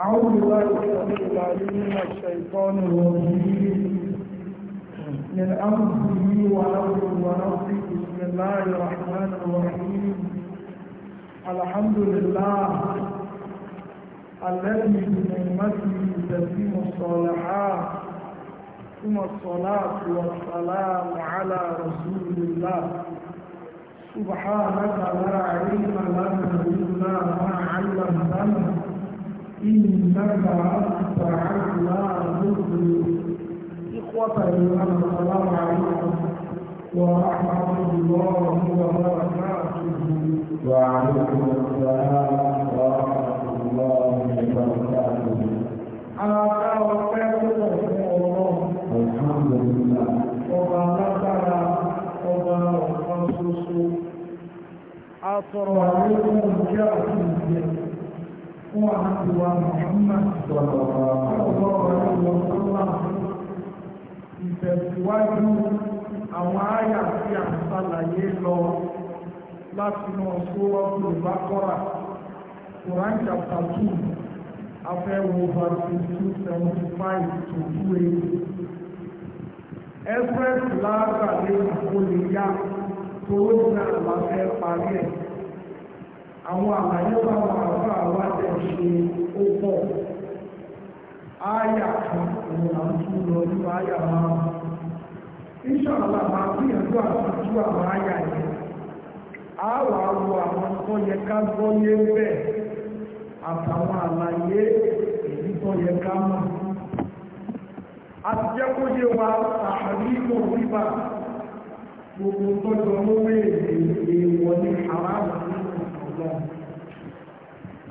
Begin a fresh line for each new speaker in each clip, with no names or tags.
أعوذ بالله السميع العليم من الشيطان الرجيم من أمره ونفسه ونفسه بسم الله الرحمن الرحيم الحمد لله الذي بنعمته تتم الصالحات ثم الصلاة والسلام على رسول الله سبحانك لا علم لنا إلا ما علمتنا إنك أنت علام إخوة الإيمان السلام عليكم ورحمة الله وبركاته وعليكم
السلام ورحمة الله وبركاته
أنا أتوقع الحمد لله وبارك وبارك وصوصو أطرع عليكم جاء في الجنة
fún àmàtìwà Muhammad
ìtẹ̀síwájú àwọn àyà tí a ń sàlàyé lọ láti mọ̀ sówọ́ yorùbá kọ́ra Quran chapter two afẹ́wò verse two seventy five to two eight express lágbàlẹ̀ àkọlẹ̀ yá tó ó ní àlàfẹ́ parí ẹ̀. àwọn àlàyé bá wà bá wà tẹ̀ ó pọ̀ áyà kan òun là ń tún lọ nínú áyà máa ìṣàlá máa gbìyànjú àti àwọn áyà yẹn á wà wo àwọn tó yẹ ká gbọ́ yé bẹ́ẹ̀ àtàwọn àlàyé gbogbo tọ́jọ́ èdè èèwọ̀ ní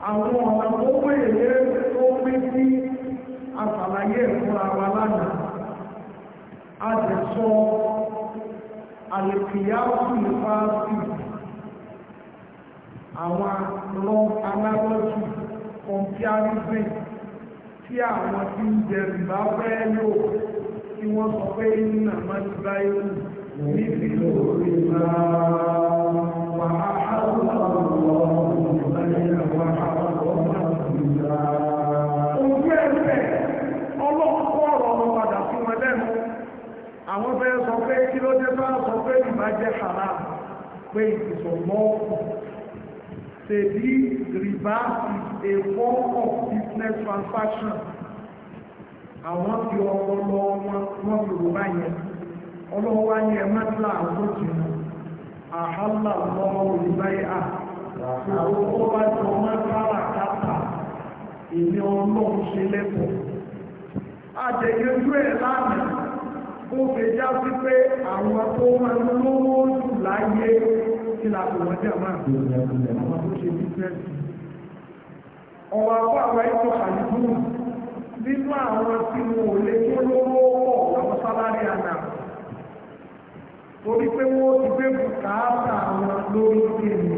àwọn ọ̀nà tó wéèrè tó pín sí àṣàlàyé ìfúnra wa lánàá a ti sọ àlèkìyàwó ìfáàsì àwọn long analogy comparison tí àwọn tí ń jẹ ìbá fẹ́ lò tí wọ́n sọ pé nínú àmàdìbá irú níbi lórí máa wà á hàn lọ́wọ́ Òjú ẹ̀fẹ̀ ọlọ́pọ̀ ọ̀rọ̀ ọmọ padà fún wọn lẹ́nu. Àwọn fẹ́ sọ pé kí ló dé bá sọ pé ìbá jẹ́ hàrá pé ìsọ̀mọ́ ṣèbí rìbá is a form of business transaction. Àwọn fi ọpọlọ wọn wọn fi rò báyẹn. Ọlọ́wọ́ wá ní ẹ̀mọ́tìlá àwọn tó Àhálà lọ́wọ́ òrùbáyé àti àwọn tó bá jọ mọ́ káràkátà ìní ọlọ́run ṣe lẹ́kọ̀ọ́ àjẹyẹjú ẹ̀ lánàá ó fi já sí pé àwọn tó máa ń lówó jù láyé kí la kò wọ́n jẹ́ máa àwọn tó ṣe bísẹ́ẹ̀sì ọ̀wọ́ àpò àwọn ẹ̀kọ́ àdúgbò nínú àwọn tí mo lè tó lówó pọ̀ lọ́wọ́ sálárì àná torí pé wọ́n ti gbé bùkátà àwọn lórí kéèmì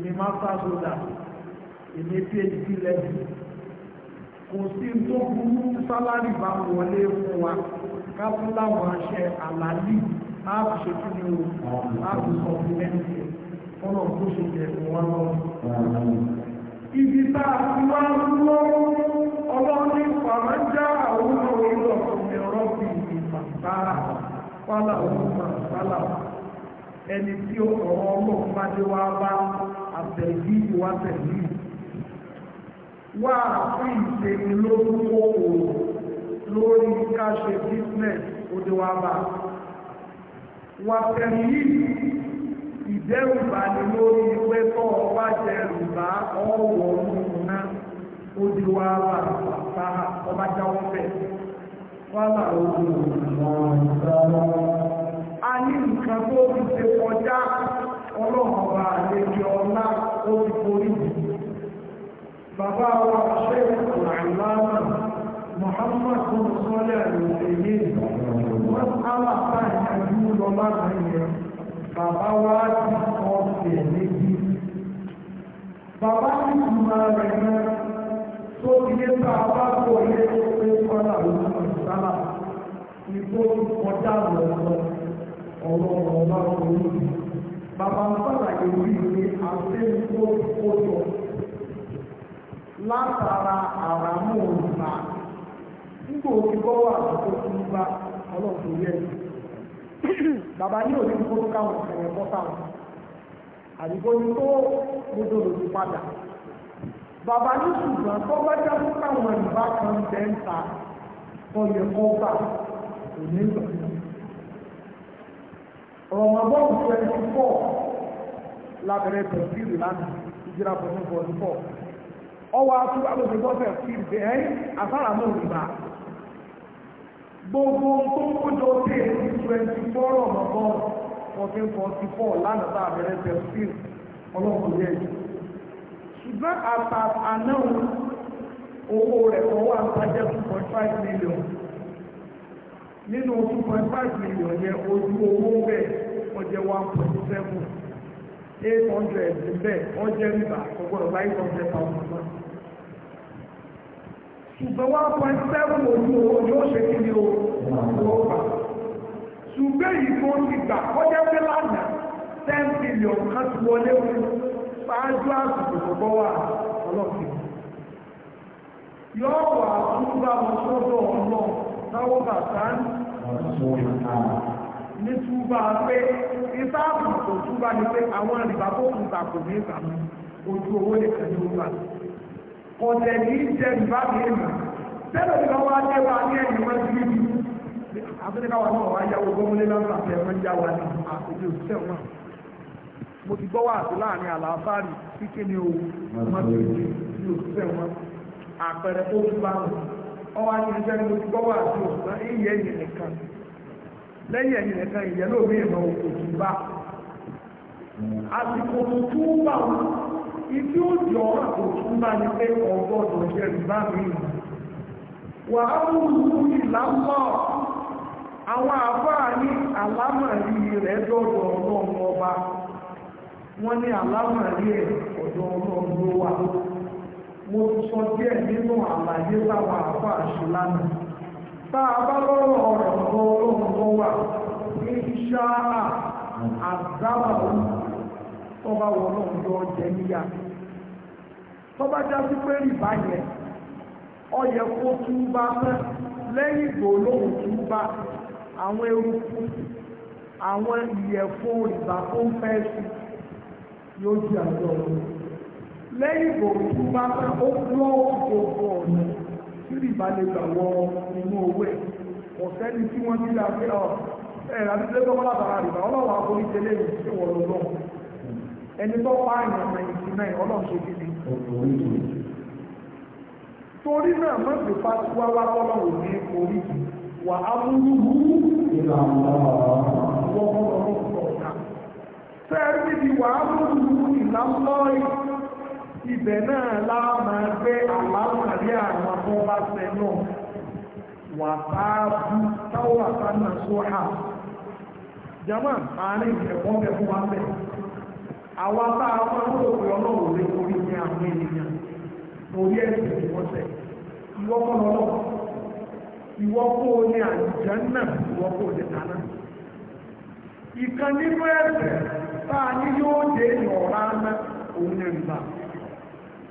èmi master soldier èmi phd level kò sí tó burú sálárì bá wọlé fún wa ká fún láwọn aṣẹ àlàlì láàbù ṣe kí ni o láàbù sọ fún mẹ́tì
ọ̀nà tó ṣe jẹ wọn lọ.
ibi tá a ti wá ń lọ ọlọ́ọ̀ni fàmájà àwọn ọ̀rọ̀ ọ̀sẹ̀ ọ̀rọ̀ bíi ìfàǹtà fálà òun fàǹtà ẹni tí ó ọ̀rọ̀ ọlọ́ọ̀pá dé wá bá àtẹ̀bí wa tẹ̀lé wà fún ìṣèlú lórúkọ òòrùn lórí ká ṣe business odewaba wà tẹ̀lé ìdẹ́rùbà ni lórí pé tọ́ ọba jẹ rùbá ọwọ́ ọ̀run náà odewaba bàbá ọba jáwọ́ bẹ́ẹ̀ wà láwọn
ọdún ọ̀run.
a ní nǹkan tó fi ṣe kọjá ọlọ́run bá àlejò ọlá ó ti forí bàbá wa ṣe ìrànláwà Muhammad bin sọ́lẹ̀ àlùfẹ́yẹ wọ́n sábà bá ìyàjú lọ láti yẹn bàbá wa ti kọ́ ọ̀sẹ̀ méjì. Bàbá ti túmọ̀ rẹ̀ náà tó ti yé bá a bá kọ̀ ilé tó pé kọ́lá òun sábà ní tó kọjá lọ́wọ́ ọ̀rọ̀ ọ̀rọ̀ bá wọlé bàbá pàtàkì orí ìwé àfẹ́kọ́ kótó látara àràmù òǹtà nígbà òkè bọ́wọ́ àkókò tó ń bá ọlọ́ọ̀tún yẹ bàbá yìí ò ní kó káwọn ẹ̀rẹ̀ bọ́ táwọn àdìgbò ní tó gbogbo òdì padà bàbá yìí ṣùgbọ́n tó bá jẹ́ fún káwọn ìbátan bẹ́ńtà ọyẹ̀kọ́ gbà kò ní ìgbà Ramadan twenty four lábẹ́rẹ́ tẹ̀síìrì lánàá ìjìlá fourteen forty four ọwọ́ atúrò àgbẹ̀sọ̀tọ̀ tẹ̀síìrì bẹ̀ ẹ́ àsárà náà rìbá gbogbo tó ń kójọ tẹ̀ twenty four Ramadan fourteen forty four lánàá tá àbẹ̀rẹ̀ tẹ̀síìrì ọlọ́run yẹn ṣùgbọ́n àtàkànáà owó rẹ̀ kọ́ wà ń tajẹ́ two point five million nínú two point five million yẹn ojú owó bẹ́ẹ̀ wọ́n jẹ́ one point seven eight hundred bẹ́ẹ̀ wọ́n jẹ́ rìbá ọgbọ́n five hundred thousand náà. ṣùgbọ́n one point seven ojú owó yóò ṣe kí ni o wọ́n gbà. ṣùgbọ́n èyí tó ti gbà kọjá pé lánàá ten billion kan ti wọlé fún ṣáájú àsìkò tó wà ọlọ́ọ̀kì yóò wà fún bá wọn sọ́dọ̀ ọ̀nà táwọn bàtà ń ní túbà pé ìsáàbù tó túbà ní pé àwọn ìrìbà tó kù ta kò ní ìsàmù ojú owó nìkan ní ó wà ọ̀tẹ̀ ní jẹ́ ìbá mi èèmọ̀ tẹ́lẹ̀ ní wọ́n wá jẹ́ wa ní ẹ̀yìn wọn sí ibi afẹ́nìkáwà náà wá yáwó gbọ́mọlé lọ́nà àti ẹ̀mọ́ yáwó ní àkójọ òṣìṣẹ́ wọn mo ti gbọ́ wà sí láàrin àlàáfáàrí kíkẹ́ ní owó mọ́tò ìdí òṣìṣẹ́ wọn àpẹẹrẹ tó wọn ọwọ́ àtìríṣẹ́ ní ojú gbọ́wọ́ àti òṣùpá ìyẹ́ ẹ̀yìn nìkan lẹ́yìn ẹ̀yìn nìkan ìyẹ́ lómi ìmọ̀ baa. bá àsìkò tuntun bá wọn ibi ó jọ òtún bá ní pé ọgọ́dọ̀ bá mi wà á mú ìlú ìlàmọ́ àwọn ní àlámàrí rẹ̀ ọlọ́run ọba wọ́n ní àlámàrí ẹ̀ ọ̀dọ̀ ọlọ́run ló wà mo ti sọ díẹ̀ nínú àlàyé láwọn àfà àṣì lánàá tá a bá lọ́rọ̀ ọ̀rọ̀ kan ọlọ́run tó wà ní iṣẹ́ àzáwàwò tó bá yọ jẹ níyà tó bá já sí pé rìbá yẹn ó yẹ kó túbá lẹ́yìn lẹ́yìn ìbò tó bá pẹ́ ó lọ́wọ́ gbogbo ọ̀nà tí ìbá lè gbà wọ inú owó ẹ̀ ọ̀sẹ́ ni tí wọ́n nílà pé ọ̀ ẹ̀rọ àti lẹ́gbọ́n ọlọ́wọ́ tẹ́lẹ̀ sí lọ́wọ́ ẹni tó pa nàìjíríà náà ọlọ́run ṣe torí náà má fi pa wá wá orí wà á múlú wú ìlànà ibẹ̀ náà láàmà gbé àlámàrí àwọn tó bá fẹ́ náà wà sáábú táwà sánà sóhà jama àárín ìfẹ̀wọ́n bẹ̀ wa bẹ̀ àwa tá a máa ń rò pé ọlọ́run lè orí ní àwọn ènìyàn orí ẹ̀sìn ìwọ́sẹ̀ ìwọ́pọ̀ lọ́wọ́ ìwọ́pọ̀ ní àjẹ́ náà ìwọ́pọ̀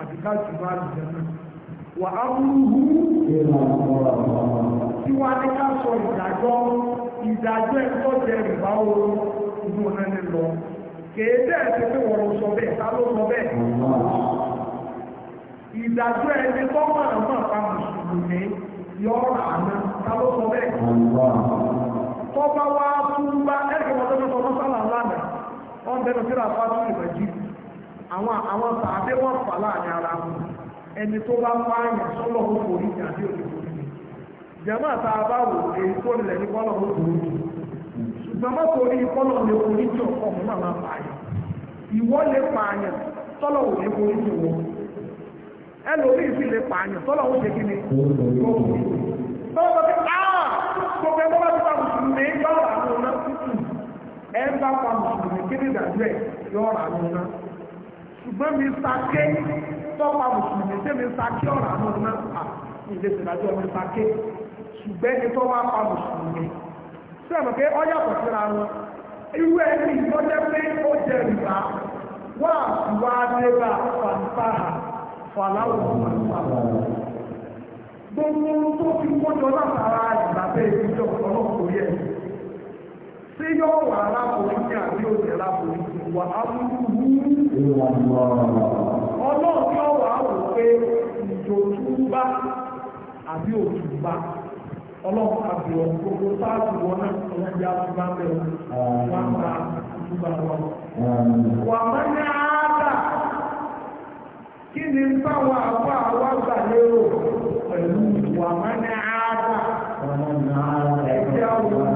àdìká ìṣùgbọ́n àlùjẹ́ náà wà á múrú tí wá ní ká sọ ìdájọ́ ìdájọ́ ẹ̀kọ́ jẹ ìbá oorun inú ọ̀nà ní lọ kéèdè ẹ̀sẹ̀ pé wọ́n lọ sọ bẹ́ẹ̀ ta ló sọ bẹ́ẹ̀ ìdájọ́ ẹni tó máa máa pa mùsùlùmí yọ ọ̀rọ̀ àná ta ló sọ bẹ́ẹ̀ tọ́ba wá tún bá ẹ̀kọ́ tó ń sọ mọ́sálà lánàá wọ́n bẹ̀rẹ̀ sí ra àwọn àwọn wọ́n fà láàrin ara ẹni tó bá pààyàn sọ́lọ̀ jẹ́mọ́ èyí tó ní kọ́lọ̀ ṣùgbọ́n torí kọ́lọ̀ lè forí ní ọ̀pọ̀ mọ́ màmá pààyàn ìwọ lè pààyàn sọ́lọ̀ ò lè sì lè pààyàn sọ́lọ̀ ṣe kí ni ah! bá pa mùsùlùmí kí ṣùgbọ́n mi sake tọ́pa mùsùlùmí ṣé mi sake ọ̀rọ̀ àánú ọ̀nà à ilé ìṣèdájọ́ mi sake ṣùgbọ́n ẹni tó wá pa mùsùlùmí pé ọ yàtọ̀ síra wọn irú ẹni tó pé ó jẹ rìbá wà wá débà fàǹfàà fàlàwò ṣé yóò wà aláboyún àbí òní aláboyún wà á lùkù ọlọ́run yóò wà á pé ìjòtúbá àbí òtúbá ọlọ́run gbogbo sáàtì náà kí ni táwọn àbá wa lérò pẹ̀lú wà á ní àádà ẹ̀jẹ̀ àwọn.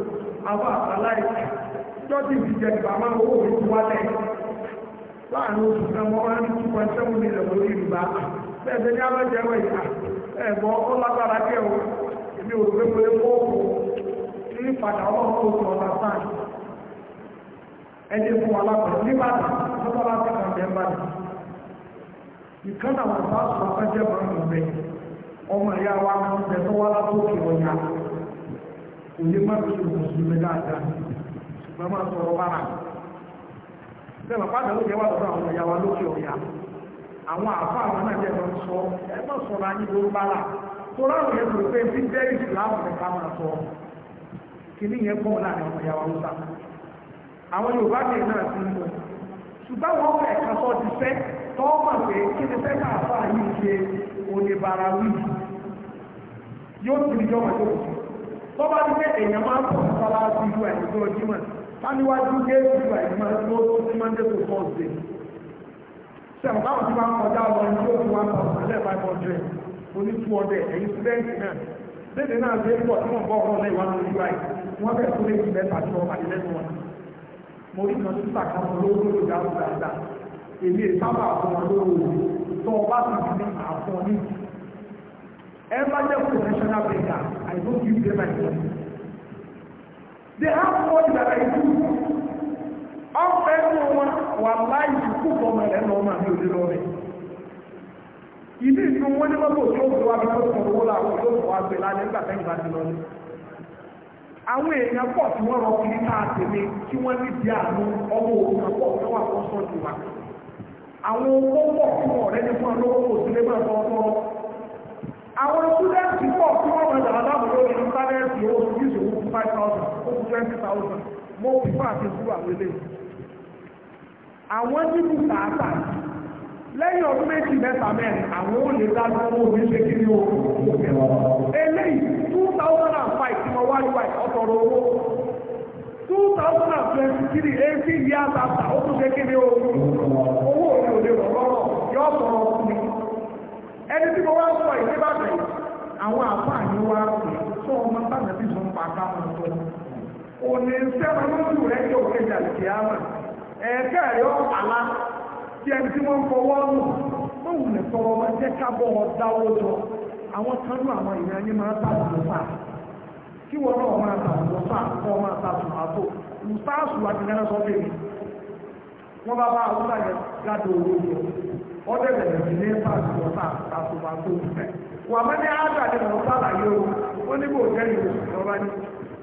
àwọn àbáláì jọ́dí ìjẹ ìgbàmọ́ owó orí ti wálẹ̀ láàrin oṣù kan mọ́ wá ní two lórí ìgbà bẹ́ẹ̀ bẹ́ẹ̀ ní abẹ́jẹ́ ìgbà ẹ̀gbọ́ ó lágbára dé o èmi ò rò ní padà ọlọ́run sáà ẹni fún òye mọ́tòsí mùsùlùmí dáadáa ṣùgbọ́n máa sọ̀rọ̀ bára bẹ́ẹ̀ pàdé ló ọbara. wà lọ́dọ̀ n'oge ìyàwó lókè ọ̀yà àwọn àfa àwọn náà jẹ́ lọ sọ na mọ̀ sọ̀rọ̀ sọ kìíní yẹn kọ́ láàrin àwọn ìyàwó lókè àwọn Yorùbá kìí náà ti mú ṣùgbọ́n wọn fẹ́ ti fẹ́ pé kí ni fẹ́ yìí ṣe oníbàárà yóò tó bá ti pé èèyàn máa ń pọ̀ sọ́lá sí ìlú àìsí ojúmọ̀ táníwájú dé ìlú àìsí máa tó tó sí monday to thursday sẹ́wọ̀n báwọn ti máa ń kọjá lọ ní ó ti wá pọ̀ sílẹ̀ five hundred oní two hundred ẹ̀yìn sílẹ̀ǹtì náà léde náà ṣe ń bọ̀ tí wọ́n bọ̀ ọ̀rọ̀ lẹ́yìn wá lórí wáyé wọ́n fẹ́ tó lè fi mẹ́ta tí wọ́n pàdé lẹ́nu wọn mo rí kan sísà kan lórí olùdarí dáadáa èmi ìsábà fún wọn lórí tó o bá ti di ní ever the professional baker, I don't give them my money. They have money that I do. All Ọ̀pẹ́ ẹnu wọn wà láì kú bọ́mọ ẹ̀lẹ́nu ọmọ mi ò lè lọ rẹ̀. Ilé ìlú wọn ní mọ́tò tí ó fi wá bí ó sọ owó làwọn yóò fọ àgbẹ̀ lálẹ́ nígbà tẹ́yìn bá ti lọ ní. Àwọn èèyàn pọ̀ tí wọ́n rọ kiri káà tèmi kí wọ́n ní di àánú ọmọ òun pọ̀ tí wọ́n àkọsọ́ ti wà. Àwọn owó pọ̀ fún ọ̀rẹ́ ní fún ọlọ́wọ́ òsínlẹ̀ máa tọ́ ọtọ́ àwọn ṣúdẹ́ǹtì pọ̀ tí wọ́n mọ̀ ìdàgbà láàmú lórí íńtánẹ́ẹ̀tì owó ojú ìṣòwò fún five thousand ó fún twenty thousand mo pípa àti ìṣúrò àwọn ilé àwọn nínú tààtà lẹ́yìn ọdún méjì mẹ́ta mẹ́rin àwọn ò lè dá lọ́wọ́ omi ṣe kí ni o eléyìí two thousand and five tí mo wá ní wáyé ọ̀tọ̀rọ̀ owó two thousand and twenty three eighteen years after ó tún ṣe kí ni o owó òní òde rọ̀ yọ ẹni tí mo wá sọ ìdí àwọn àfààní wa pè ọmọ bàbá bí pa ká tó sẹ́wọ̀n lójú rẹ̀ yóò kéjà ẹ̀ẹ́kẹ́ rẹ̀ ó pàlá tí ẹni tí wọ́n ń fọwọ́ wù lè jẹ́ dáwọ́ jọ àwọn kanú àwọn máa kí wọ́n náà máa kọ́ máa àtò àti wọ́n dẹ̀ ní pàṣẹ wọ́tà àtùmọ̀ tó wà á mẹ́ni àgbàdì mọ̀ sálàyé o ó ní kò jẹ́ ìlú ìjọba ní.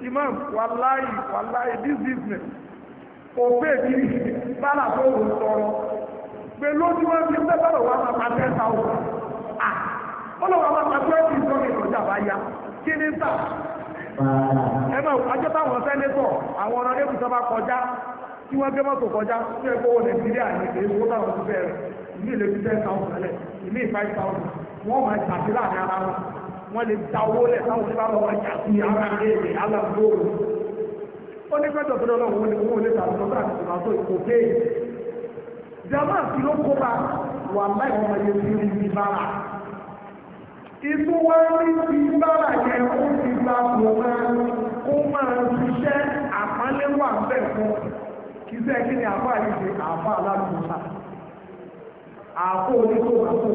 imam wàláyì wàláyì this business kiri tó ń pé wà máa wà máa bá kí ni ẹ
máa
àjọ táwọn àwọn ọ̀nà tí wọ́n gbé mọ́tò kọjá tí ẹ kó wọ nàìjíríà ní èyí tó náà ti bẹ̀rẹ̀ ìlú ìlú ti ten thousand lẹ̀ ìlú five thousand wọ́n máa tàbí láàrin ara wọn wọ́n lè da owó lẹ̀ táwọn oníbàbọ̀ wọn jà sí ara rẹ̀ èdè alágbóòrò ó ní pẹ́jọ tó lọ́wọ́ wọn ni wọ́n lè tàbí lọ́tà àti tòmátò ìkó kéè jama ti ló kó ba wà láì wọn máa yẹ sí ibi bára inú wa rí ti bára yẹn ó ti gba kó máa kó máa ṣiṣẹ́ àpálẹ́wà bẹ́ẹ̀ fún kìsẹ́ kí ni àfá yìí ṣe àfá alálùmọ́sá àfó onítò àfó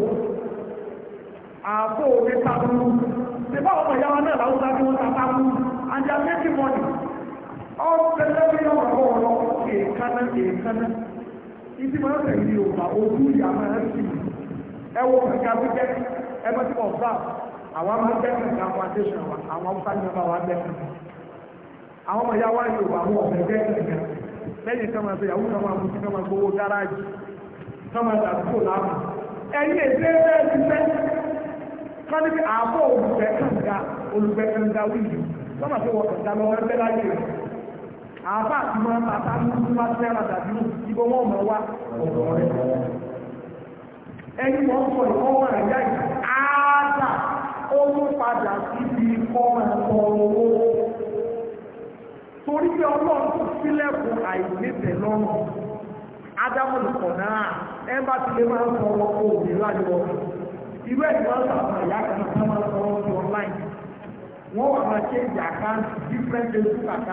àfó onítàkùrù ṣe bá ọmọ ìyá wa náà láwùjá bí wọ́n tàkùrù and they are making money all the level of ọ̀pọ̀ ọ̀rọ̀ èèkánná èèkánná ìdí máa ń tẹ̀lé yorùbá ojú ìyá máa ń sì ẹ wo kàkà bí jẹ́ ẹ bá ti mọ̀ bá àwọn máa ń jẹ́ kàkà àwọn àdéṣùn àwọn àwọn haúsá ní ọba wa bẹ́ẹ̀ àwọn ọmọ ìyá wa yorùbá wọn ọ̀fẹ́ jẹ́ kàkà lẹ́yìn kan máa ṣe yàwó kan máa mutí kan máa gbowó gáràjì kan máa dàdúgbò láàmú ẹ̀yìn èdè bẹ́ẹ̀ ti fẹ́ kán níbi àbọ̀ olùgbẹ́ kànga olùgbẹ́ kànga wíìlì wọ́n máa fi wọ kànga lọ wọ́n bẹ́ láyé rẹ̀ àbá àti máa ń bàtà ní kí wọ́n fẹ́ ra dàbí ibo wọn mọ̀ wá ẹ̀yìn wọn sọ ìkọ́wọ́ rẹ̀ yá ìgbà áádà ó mú padà síbi kọ́ máa tọrọ owó torí pé ọlọ́run tó sílẹ̀kùn àìníṣẹ́ lọ́rùn ádámù nìkan náà ẹ bá ti máa ń sọ ọwọ́ òbí láyọ̀ sàmà ìyá kan máa ń sọ ọwọ́ sí wọ́n wà máa ṣe ìjà kan different facebook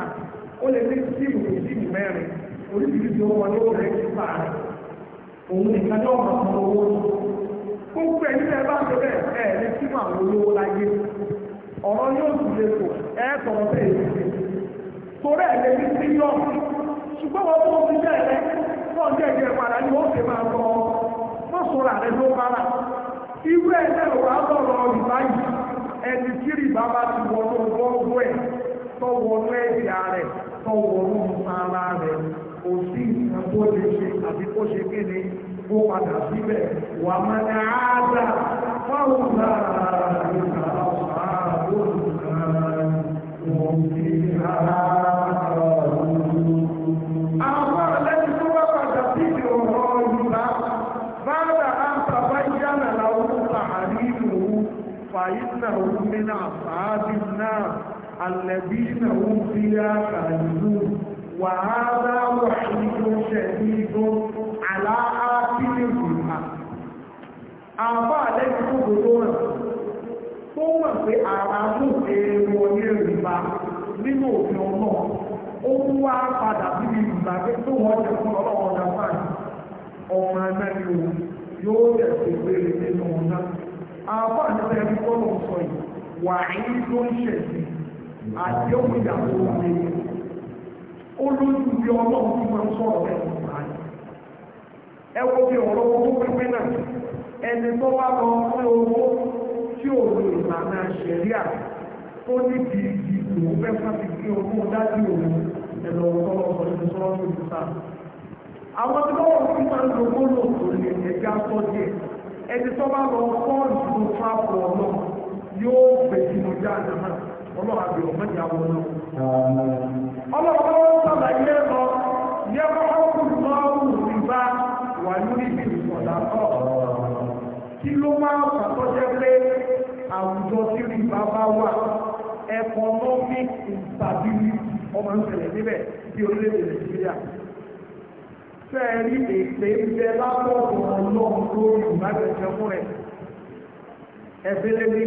ó lè ní mẹ́rin oríṣiríṣi ó rẹ̀ fà á òun nìkan ní owó ẹ̀ nílẹ̀ bá torí ẹ̀lẹ́ ní sílọ̀ ṣùgbọ́n wọ́n tó ti jẹ́ ẹ̀lẹ́ wọ́n jẹ́ ẹ̀jẹ̀ padà ní ó ti máa lọ wọ́n sọ̀rọ̀ àrẹ ló bára irú ẹ̀lẹ́ wà lọ́rọ̀ rìbá yìí ẹni tí rìbá bá ti wọnú ọgbọ́gbọ́ ẹ̀ tó wọnú ẹ̀jẹ̀ rẹ̀ tó wọnú ara rẹ̀ kò sí nǹkan tó lè ṣe àti kó ṣe kí ni ó padà síbẹ̀ wà máa ní àádá fáwọn náà ló ń bá ọ̀sán àbúrò náà
wọ́n ti rárá.
فإنه من أصحاب النار الذين هم فيها خالدون وهذا وحيد شديد على آخر الجمعة àbá àlẹ́kùn gbogbo rẹ̀ tó mọ̀ pé ara mú èèwọ̀ ní ìrìnbá nínú òfin ọmọ ó ń wá padà síbi ìgbà pé tó wọ́n jẹ fún ọlọ́wọ́ ọjà fáì ọmọ ẹ̀mẹ́ni o yóò tẹ̀sí péré nínú ọ̀nà àbá nípa ẹni tọ́lù sọ yìí wà ní tó ń ṣẹ̀sì àti olójú bí ọlọ́run ti máa ń sọ̀rọ̀ ẹ̀ ẹ wo bí ọ̀rọ̀ owó pínpín náà ẹni tó wá lọ pín owó tí ò lo ìlànà tó ní bí ìgbìmọ̀ fẹ́ kí dájú òun àwọn tí wọ́n fi máa ń lo gbólóòtò lè ẹni tó bá lọ fọ́ọ̀lù tó fáfọ́ ọ̀nà yóò fèsì mọ̀já àdámà ọlọ́run àbí ọ̀mọ́dé àwọn náà. ọlọ́run bá wọ́n sábà yẹ lọ yẹ kọ́ ọkùnrin máa ń wù mí bá wà lórí ibi ìsọ̀dá kọ́ kí ló máa ń pàtó jẹ́ pé àwùjọ tí rí bàbá wà economic instability ọmọ ìṣẹ̀lẹ̀ níbẹ̀ bí orílẹ̀-èdè Nàìjíríà fẹ́ẹ̀rí èpè ń bẹ lábọ̀rọ̀ ọlọ́run lórí ìbájẹ̀jẹ̀ fún rẹ̀ ẹ̀bẹ̀rẹ̀ ní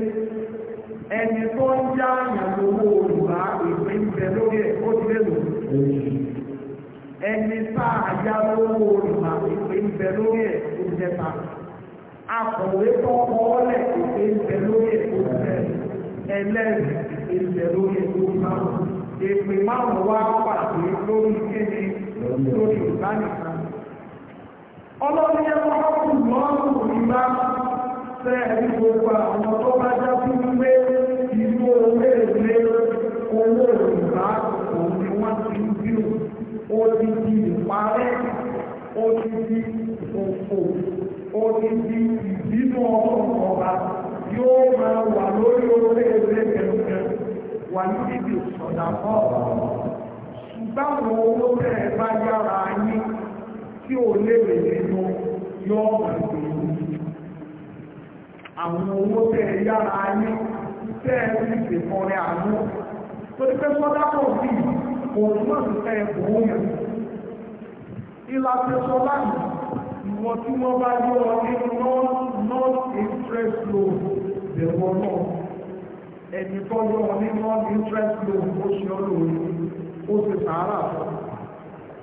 ẹni tó ń já àyàn lówó olùbá èpè ń bẹ lórí ẹ̀ ó ti lélò ẹni tá àyà lówó olùbá èpè ń bẹ lórí ẹ̀ ó ti jẹta akọ̀wé tó kọ́ ọ́lẹ̀ èpè ń bẹ lórí ẹ̀ ó ti jẹ ẹlẹ́rìí èpè ń lórí ẹ̀ ó ti máa èpè máa ọlọ́run yẹn wọ́n kù lọ́rùn nígbà sẹ́ẹ̀rí gbogbo àwọn tó bá já sí wípé ìlú owó èlé owó ìgbà òun ni wọ́n ti ń bí ó ti di ìparẹ́ ó ti di bá yára yín tí ó léèrè nínú yóò pàtàkì àwọn owó tẹ́ yára ayé tẹ́ ẹ̀rí ìfẹ́kọrẹ àánú tó ti fẹ́ sọ́dápọ̀ bí òun náà ti fẹ́ ẹ̀kọ́ òun ìlàtẹ̀ sọ́dá ìwọ̀n tí wọ́n bá yọ nínú non-interest loan bẹ̀rọ náà ẹni tó yọ nínú non-interest ó ṣe olóòrùn ó ti sàárà fún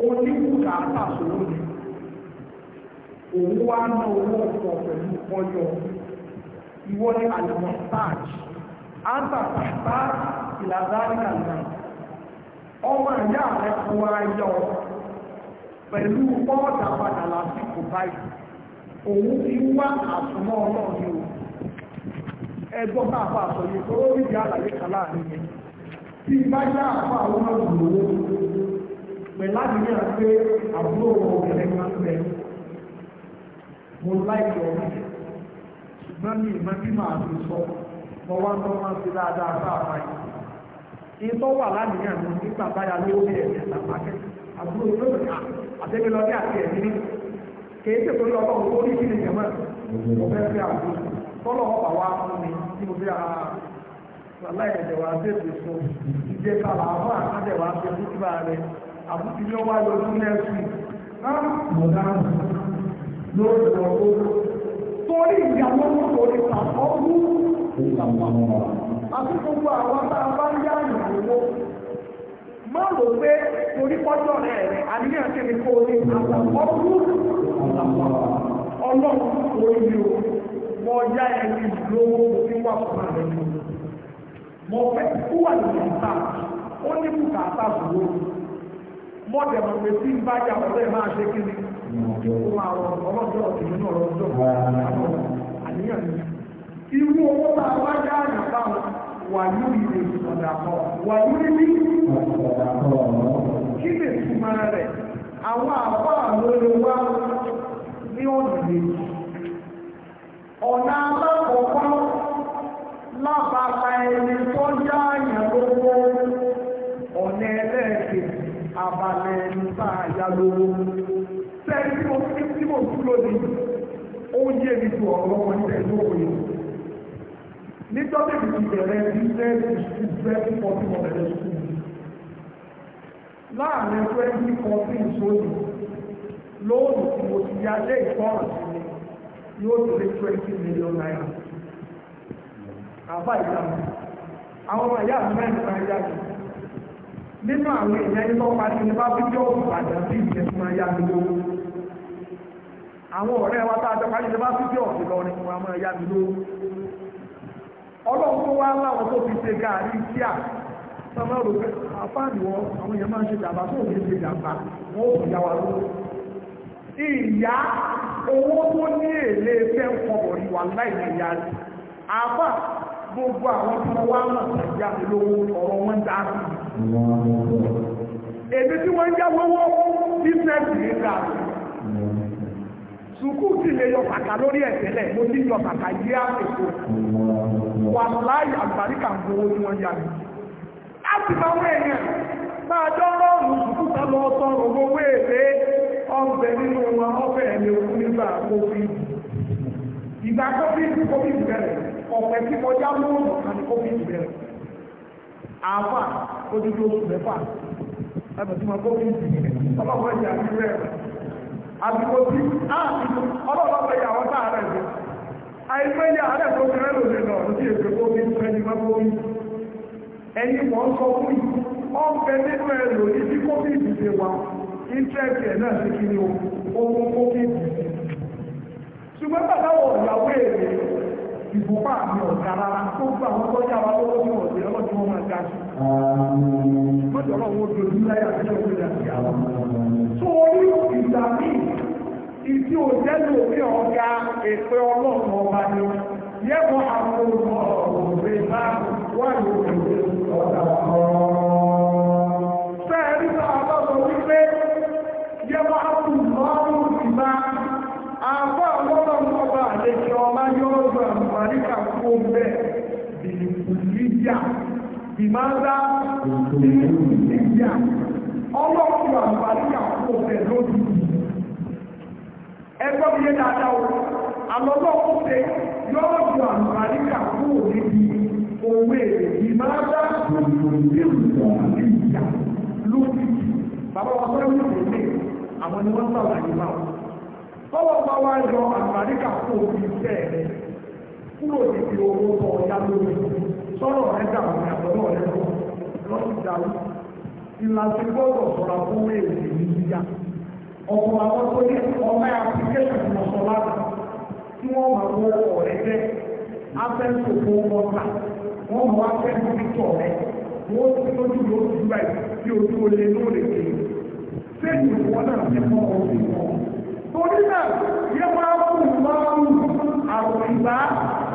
onye sówó ni òun soro ná owó ọ̀pọ̀ pẹ̀lú ọyọ ìwọ ni àlùmọ̀ starch áńtàtà starch ìlàdárí àlùmọ̀ ọmọ ìyá rẹ fún yọ pẹ̀lú pọ́ọ̀dà padà lásìkò báyìí owu ti wá àsùnmọ́ o ẹgbọ́n náà fà yìí tó pẹ̀lú àníyàn pé àbúrò obìnrin máa ń bẹ mo ọrụ ọ̀hún ṣùgbọ́n mi ìmọ̀ bí màá fi sọ mo wá ń máa fi dáadáa bá àbá yìí ìtọ́ wà láníyàn nígbà báyà àbúrò àtẹ́gbẹ́lọ́dẹ́ àti ẹ̀mí ní kèé jẹ̀mọ́ àbúrò tọ́lọ̀ ọ̀pá wa fún mi mo fi làwọn fi ọdún àbúkí yóò wá lọ sí ẹ̀sùn lórí ọ̀rọ̀ torí ìyàwó lórí pàtọ́kù àti gbogbo àwọn tá a bá ń yá ìyàwó má rò pé torí pọ́jọ́ rẹ̀ rẹ̀ àníyàn ti ní kó ní àtàkọ́kù ọlọ́run orí mi ò mọ yá ẹni lówó tí wà fún ààrẹ mi mo fẹ́ kú wà ní ìta ó ní bùkátà bùrọ̀ mọ́tẹ̀ mọ̀ pé tí ń bá jà ọ̀rẹ́ máa ṣe kí ni ó máa rọ ọlọ́jọ́ ìlú náà lọ́jọ́ àníyàn ni irú owó tá a wá já àyàn báwọn wà lórí ilé ìsọ̀dà kan wà lórí ní kí lónìí oúnjẹ mi ju ọ̀rọ̀ wọn ní ẹ̀dọ́ òye nítorí mi bẹ̀rẹ̀ bísẹ́ẹ̀sì sùkúù bẹ́ẹ̀ fún ọdún ọ̀rẹ́dẹ́ sùkúù láàrin twenty fourteen sóyè lóòrùn tí mo ti ya lé ìfọ́ràn sí mi yóò tó lé twenty million naira àbá ìyá mi àwọn ọmọ ìyá mi mẹ́rin máa yá mi nínú àwọn èèyàn yìí lọ́pàá ní bá fídíò ìbàdàn bí ìjẹun máa yá mi lówó. àwọn ọ̀rẹ́ wa tá a jọ parí yunifásitì ọ̀sìn lọ ni wọn mi ọlọ́run tó wá láwọn tó fi ṣe gàárì tí à sọmọ àwọn èèyàn máa ń ṣe jàmbá tó òun ṣe jàmbá wọn ò yá wa ìyá owó tó ní èlé fẹ́ gbogbo àwọn wá mọ̀ ìyá mi ọ̀rọ̀ wọ́n ń sùkú ti lè yọ kàkà lórí ẹ̀tẹ́lẹ̀ mo ti yọ kàkà yé àpèkò wà láì àgbàríkà gbowó tí wọ́n yà mí. a ti máa wọ èèyàn máa dọ́rọ̀ ọ̀rùn sùkú tá lọ tọrọ owó èlé ọ̀bẹ nínú wọn ọ̀bẹ ẹ̀mí ogun nígbà covid ìgbà covid covid bẹ̀rẹ̀ ọ̀pẹ tí mo já lóòrùn kan ní covid bẹ̀rẹ̀ àáfà ojúdó oṣù mẹ́fà tí mo covid bẹ̀rẹ̀ ọlọ́pàá ìjà ìrẹ́ àsìkò tí ọlọ́pàá yà wọ́n sáà rẹ̀ sí àìpé yà á lẹ́kọ̀ọ́ ti rẹ́lò lè lọ sí èdè omi ẹni mọ́kọ́ omi ẹni wọ́n sọ fún yìí ó ń bẹ nínú ẹ̀rọ ní bí kófíìdì ṣe wà íńtẹ́ẹ̀tì ẹ̀ náà ṣe kí ìfúnpá mi ọ̀gá rárá tó gbà wọ́n tó yára lọ́wọ́ tí wọ́n tẹ̀lé ọlọ́dún wọn máa ga sí. lọ́jọ́ náà wọ́n dojú láyà sí ọ̀gbìn àti àwọn. tó orí ìgbà míì ìdí òjẹ́ ló ní ọ̀gá èpè ọlọ́run ọba ni yẹ́wọ́ àwọn ọmọ òwe bá wà lóòrùn ọ̀gá fẹ́ẹ̀rí bá a bá ọba àlejò ọmọ ní gbọ́dọ̀ àmàríkà kó bẹ́ẹ̀ bìlìkùlíyà bìmáńdá bìlìkùlíyà ọlọ́pù àmàríkà kó bẹ́ẹ̀ lórí ẹgbọ́ mi yé dáadáa o àlọ́lọ́pù pé yọ́ọ̀dù àmàríkà kó níbi òwe bìmáńdá bìlìkùlíyà lórí bàbá wọn sọ́yọ́ ní òwe àwọn ni wọ́n sọ̀rọ̀ àyè máa wọ́n wọ́n bá wá yọ àmàríkà kó bẹ́ẹ̀ kúrò níbi owó tọ ọjà lórí sọ̀rọ̀ rẹ̀ dà wọ́n yàtọ̀ náà rẹ̀ lọ lọ́sì dàrú ìlàsí gbọ́dọ̀ sọ̀rọ̀ fún èdè ní yíyá ọ̀pọ̀ àwọn tó ní ọmọ àplikéṣọ̀n lọ sọ láti tí wọ́n máa wọ ọ̀rẹ́ jẹ́ afẹ́sọ̀kọ̀ ọ̀tà wọ́n máa wá fẹ́ píkítọ̀ rẹ̀ wọ́n ti lójú yóò ti gbà bí ojú olè lóòrè kéè sẹ́yìn ìwọ́n náà ti mọ́ ọ̀rẹ́ wọn torí náà yẹ máa fún ìgbà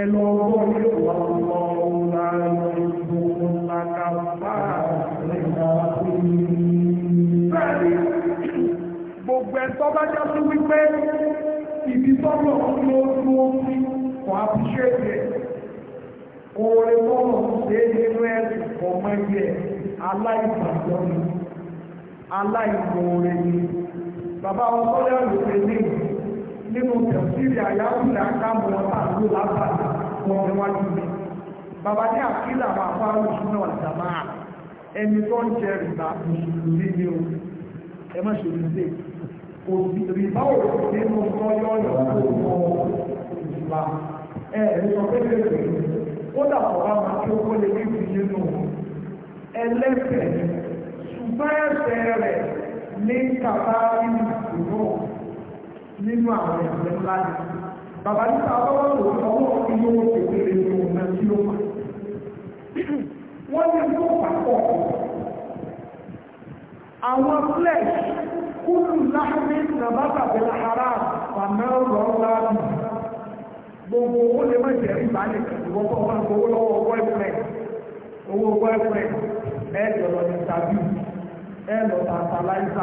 ẹlọ ọgbọ́ ilé ọlọ́lọ́ ọlọ́lọ́ gbogbo ẹ̀tọ́ bá já sí wípé ibi tọ́lọ̀ ló dúró sí kò àfiṣẹ́sì ẹ̀ oore tọ́lọ̀ ṣe é nínú ẹ̀sìn ọmọ ẹgbẹ́ aláìgbàgbọ́ ni aláìmọ̀ bàbá ọmọ lẹ́rù ní nínú tẹ̀síìrì àyáwùlẹ̀ àkàmù ọ̀pá àlú lábà wọn ni wọ́n ti mi bàbá ní àkílà àwọn afárá ìṣúná ọ̀dàmá ẹni tó ń jẹ rìbá mùsùlùmí ni o ẹ má ṣe rìbá òbí rìbá òbí nínú lọ́yọ̀ọ̀yọ̀ tó mọ ìgbà ẹ ẹ sọ pé lè rè ó dàpọ̀ wá máa tó kó lè ní ìdílé nù ẹlẹ́fẹ̀ẹ́ ṣùgbọ́n ẹ̀fẹ̀ rẹ̀ ní kàbá nínú ìdúró nínú àwọn ìṣẹ̀lẹ̀ ńlá bàbá nípa ọlọ́wọ́ ọwọ́ ilé owó kékeré tí ó mà wọ́n ní tó pàpọ̀ àwọn flesh láàrin pàmẹ́ ọ̀rọ̀ láàrin gbogbo owó lè jẹ́ lọ́wọ́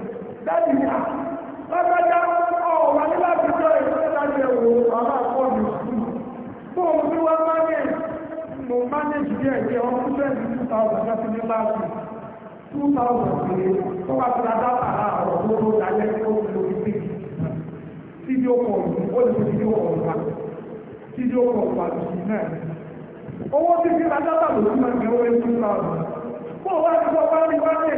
dáàbì ní àná lágbájá ọ̀wà ní láti jọ ìfẹ́lájú ẹ̀wò àwọn àkọọ́lù fún òun tí wọ́n manage mo manage bí ẹ̀jẹ̀ ọmọ fúnbẹ́ẹ̀lì two thousand láti ní láti two thousand kìí tó bá ti dáadáa pàrà ọ̀rọ̀ tó tó dalẹ̀ ó ti lórí pé fídíò kọ̀ọ̀lù ó lè fi fídíò kọ̀ọ̀lù wa fídíò kọ̀ọ̀lù wa ti náà owó tí fi dáadáa pàrọ̀ ló máa ń gbé owó two thousand fún òun àti fún ọba ní manage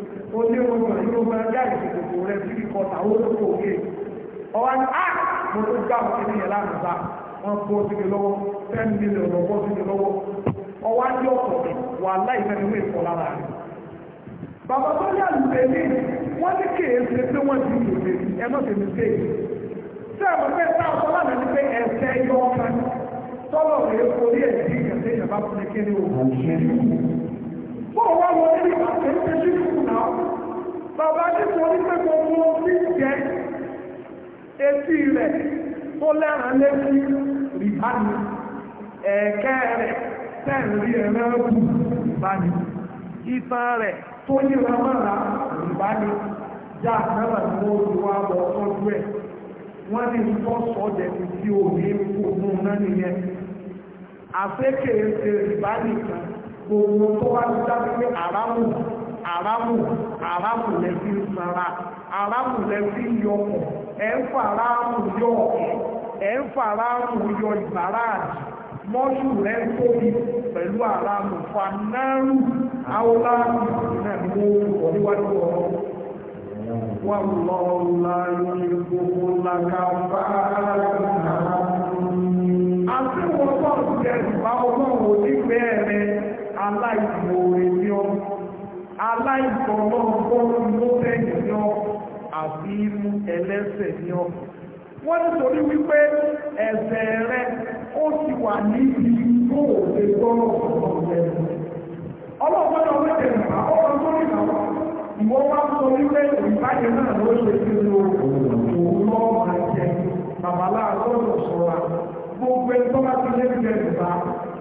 ó ní ojú ọ̀nà ló máa dá ìṣòkòkò rẹ̀ sí ìkọta owó tó kò gé ọwá ní á ah! mo tó gbà wọn ní ìyẹn láti bá wọn bó sí mi lọ́wọ́ ten million lọ bó sí mi lọ́wọ́ ọwá ní ọ̀pọ̀ mi wà láì fẹ́ nínú ìkọ lára rẹ̀ bàbá tó yà lùdẹ̀ ní wọ́n ní kéè ṣe pé wọ́n ti lùdẹ̀ ẹ má ṣe mistake ṣé ẹ̀mọ́ pé táwọn ọlá mi ní pé ẹ̀ṣẹ̀ yọ ọkàn tọ́lọ̀ rẹ̀ orí ẹ̀ sí bọ́ọ̀ wá wọ ilé àtẹ̀lẹ́ sí ìlú náà bàbá nítorí pé gbogbo ti jẹ etí rẹ̀ tó lẹ́ràn létí rìbáni ẹ̀ẹ̀kẹ́ rẹ̀ tẹ̀lé ẹ̀rẹ́ bù rìbáni ìtàn rẹ̀ tó yíra mọ́ra rìbáni já àtàrà ní wọ́n ti wá bọ̀ tọ́jú ẹ̀ wọ́n ní tó sọ́jẹ̀ tí omi kò mú náà nìyẹn àfẹ́kẹ̀ẹ́ rìbáni gbogbo tó bá ti dá pé àrámù àrámù àrámù lẹ́bí sara àrámù lẹ́bí yọkọ̀ ẹ̀ ń fara àmù yọ ọ̀kẹ́ ẹ̀ ń fara àmù yọ ìbáraàjì mọ́ṣù rẹ̀ ń tóbi pẹ̀lú àrámù fanáàrù àwọlá náà ni mo kọ̀ níwájú ọ̀rọ̀ wọ́n lọ́ọ́ láyé gbogbo lákàbáà àti wọ́n bọ̀ jẹ́ ìbá ọlọ́run ò ní bẹ́ẹ̀ rẹ̀ aláìmòore ní ọ aláìgbọ̀lọ́gbọ́n ló tẹ̀yìn ní ọ àbí inú ẹlẹ́sẹ̀ ní ọ wọ́n nítorí wípé ẹ̀ṣẹ̀ rẹ ó ti wà níbi tó òde gbọ́rọ̀ ọlọ́gbọ́n náà wọ́n tẹ̀yìn bá ọkọ̀ tó ní ìlànà ìwọ wá sọ wípé ìbáyé náà ló ṣe kí ló òun lọ́ọ́ máa jẹ babaláà lọ́dọ̀ sọ́ra gbogbo ẹgbẹ́ bá ti lé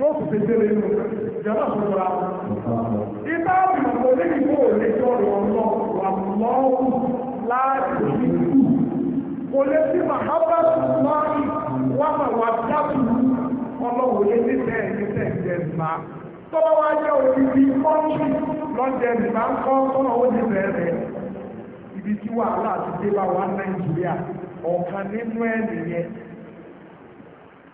yóò fi tètè lé nù jọlọ fún wa. Ibá àbùmọ̀ òní jọ̀rọ̀ lọ wà lọ́wọ́ láti fi kú. Kò lè sí màhábà lọ́rì wà mà wà dábù ọlọ́wọ́ lé ní bẹ́ẹ̀ ní bẹ́ẹ̀ Tọ́lá wá jẹ́ kọ́ńtì Ibi tí wàhálà ti dé bá wa Nàìjíríà, ọ̀kan nínú ẹ̀ nìyẹn.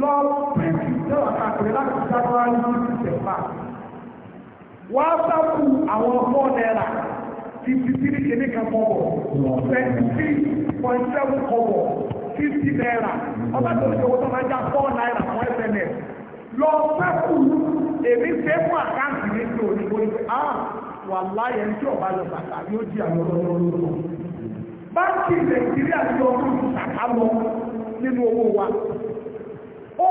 lọ́wọ́ pẹ̀lú ìjọba kàkùrẹ́ láti sábàárì ní ìṣẹ̀fà wá sábù àwọn four naira fifty three kìíní kan kọ̀bọ̀ twenty three point seven kọ̀bọ̀ fifty naira ọba tó ń ṣe owó tó máa já four naira fún sms lọ sábù èmi fẹ́ fún àkáǹtì mi tó ní orí ah wà láyé ní tí ọba lọ bàtà yóò di àwọn
ọlọ́lọ́lọ́lọ́
báńkì nàìjíríà ti ọdún ìṣàkálọ́ nínú owó wa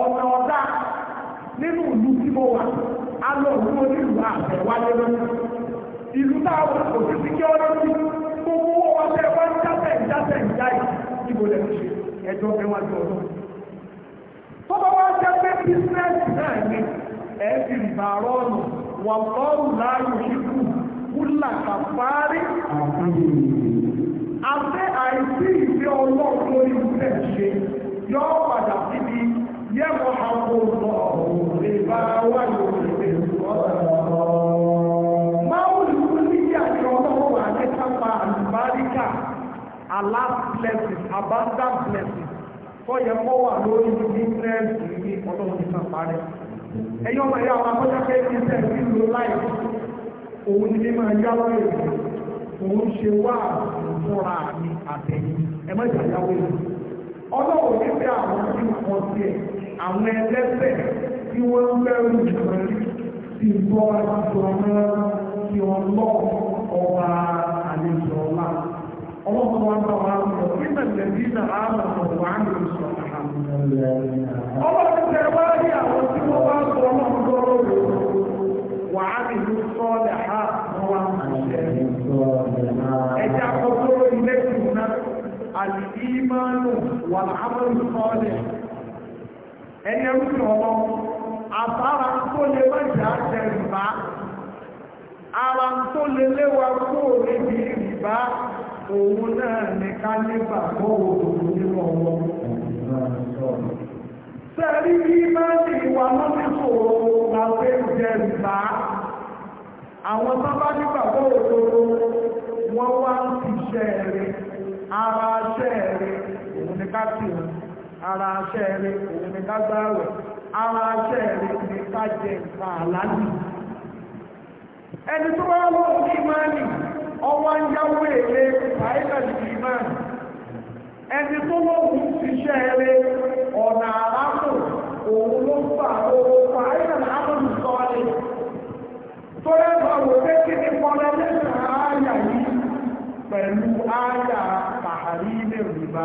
ọ̀nà ọ̀dá nínú ìlú tí mo wà á lọ fún onílù àtẹ̀wálé lọ́nà ìlú táwọn òfin ti kí ọ́nà sí gbogbo owó wọn tẹ́ wọ́n jáfẹ́ ìjáfẹ́ ìjáì ìbò lẹ́nu ṣe ẹjọ́ ẹwájú ọdún tó bá wá jẹ́ pé bísínẹ́sì náà ní ẹ̀ẹ́dì ìbàrọ̀ ọ̀nà wà lọ́rù láàyò ṣíkú kúlà kàfárí àti àìsí ìfẹ́ ọlọ́run lórí ìfẹ́ ṣe yọ́ padà síbi يمحق الله الربا ويربي الصدقات Allah blesses, abundant blesses. Fọ́yẹ̀ mọ́ wà lórí bísẹ́ẹ̀sì ní ọlọ́run ní sàpárẹ̀. Ẹyọ́ ọmọ ẹ̀yà àwọn akọ́jọ́ pé bísẹ́ẹ̀sì ló láì òun ní máa yá lọ́rẹ̀ òun ṣe wà fúnra mi àtẹ̀yìn. Ẹ mọ́ ìjà ìyàwó ìlú. Ọlọ́run ní pé àwọn tí wọ́n ti ẹ̀ àwọn ẹlẹ́sẹ̀ tí wọ́n ń bẹ̀rù ìgbẹ̀rù ti bọ́ ìjọba ti ọlọ́ ọba àlejò ọlá ọlọ́pàá wọn bá wà lọ nígbà tẹ̀lé náà á lọ sọ wà á lọ sọ ọlọ́pàá tẹ wá rí àwọn tí wọ́n bá sọ ọlọ́pàá lọ́rọ̀ rẹ̀ wà á lè ló sọ ọ́ lẹ̀ ha wọ́n wá ẹ̀jẹ̀ àkọ́kọ́ ilé ìtùnà àlìkí máa ń wà á lọ ẹni ẹrúsìn ọmọ àbára tó lè má jà jẹ rìbá ara tó lè léwa kó níbi rìbá òun náà ní ká nígbà kó
òun nínú ọwọ́
sẹ́rí bí máa ń ìwà lọ́sí sòrò àti ìjẹ rìbá àwọn sábà nígbà kó òun wọ́n wá ń ṣiṣẹ́ ara ṣẹ́ òun ní ká sì rẹ̀ ara aṣẹ́ rẹ̀ òun ni ká ara aṣẹ́ rẹ̀ ni ká jẹ nǹkan àlálì ẹni tó bá lọ́wọ́ ní ìmáàlì ọwọ́ ń yáwó èrè pàílẹ̀ ní ìmáàlì ẹni tó lọ́wọ́ ti ṣẹ́ rẹ̀ ọ̀nà àrákò òun ló fà owó pàílẹ̀ lábọ̀lù sọ́ọ̀lẹ̀ tó lẹ́nu àwọn pé kí ni pọ́nlẹ́ lẹ́sìn àáyà yìí pẹ̀lú àáyà pàhárí ilé ìrìbá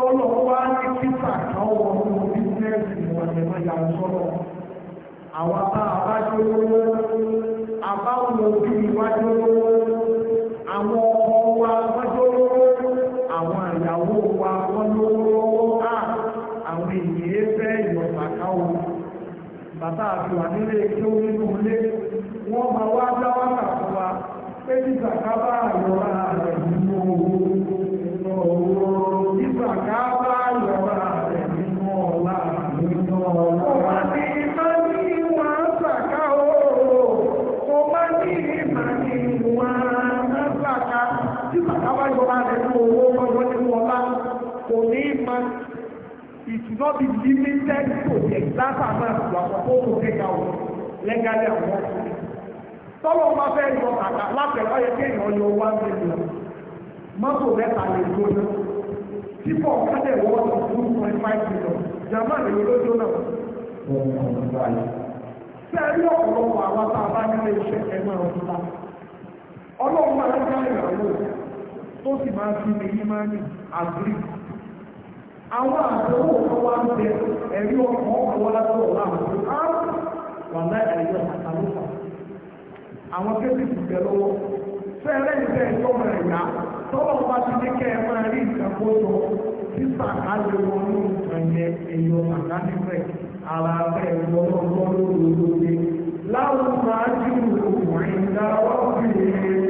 tọ́lọ̀ wá ní títà kan wọ ní bísínẹ́sì wọn ni wọ́n yà sọ́lọ̀ àwọn apá abájọ́lówó abáwọn òbí wájọ́lówó àwọn ọkọ wa wájọ́lówó àwọn ìyàwó wa wọ́n lówó á àwọn èèyàn fẹ́ ìyọ̀sàká o bàbá àti wà nílé kí ó nínú ilé wọ́n máa wá dá wákàtí wa pé ní sàkábà àyọ̀rá rẹ̀ nínú owó nínú owó. be limited to the exact amount you are supposed to take out legally and lawfully. tọ́lọ́ bá fẹ́ yọ kàkà wá mọ́tò mẹ́ta lè gbóná tí pọ̀ kálẹ̀ wọ́n ti two five million
lè náà.
sẹ́ẹ̀rí ọ̀pọ̀lọpọ̀ àwọn tá a bá nílé iṣẹ́ ẹ máa ń ta ọlọ́run máa ń dá ìrànwọ́ tó sì máa fi yí máa àwọn àdéhùn kan wá ń bẹ ẹ̀rí ọkọ̀ ọ̀wọ́ látọ̀ láàmú á wà láì àyè àtàlùfà àwọn kébì ti bẹ lọ́wọ́ fẹ́rẹ́ ìfẹ́ ìtọ́mọ ẹ̀yà tọ́lọ̀ bá ti ní kẹ́ ẹ máa rí nǹkan kó lọ sísà á lè wọnú nǹkan yẹ ẹ̀yọ àdánifẹ̀ ara rẹ̀ lọ́wọ́ lọ́wọ́ lórí láwùjọ ajínigbò ìdáwọ́ bìí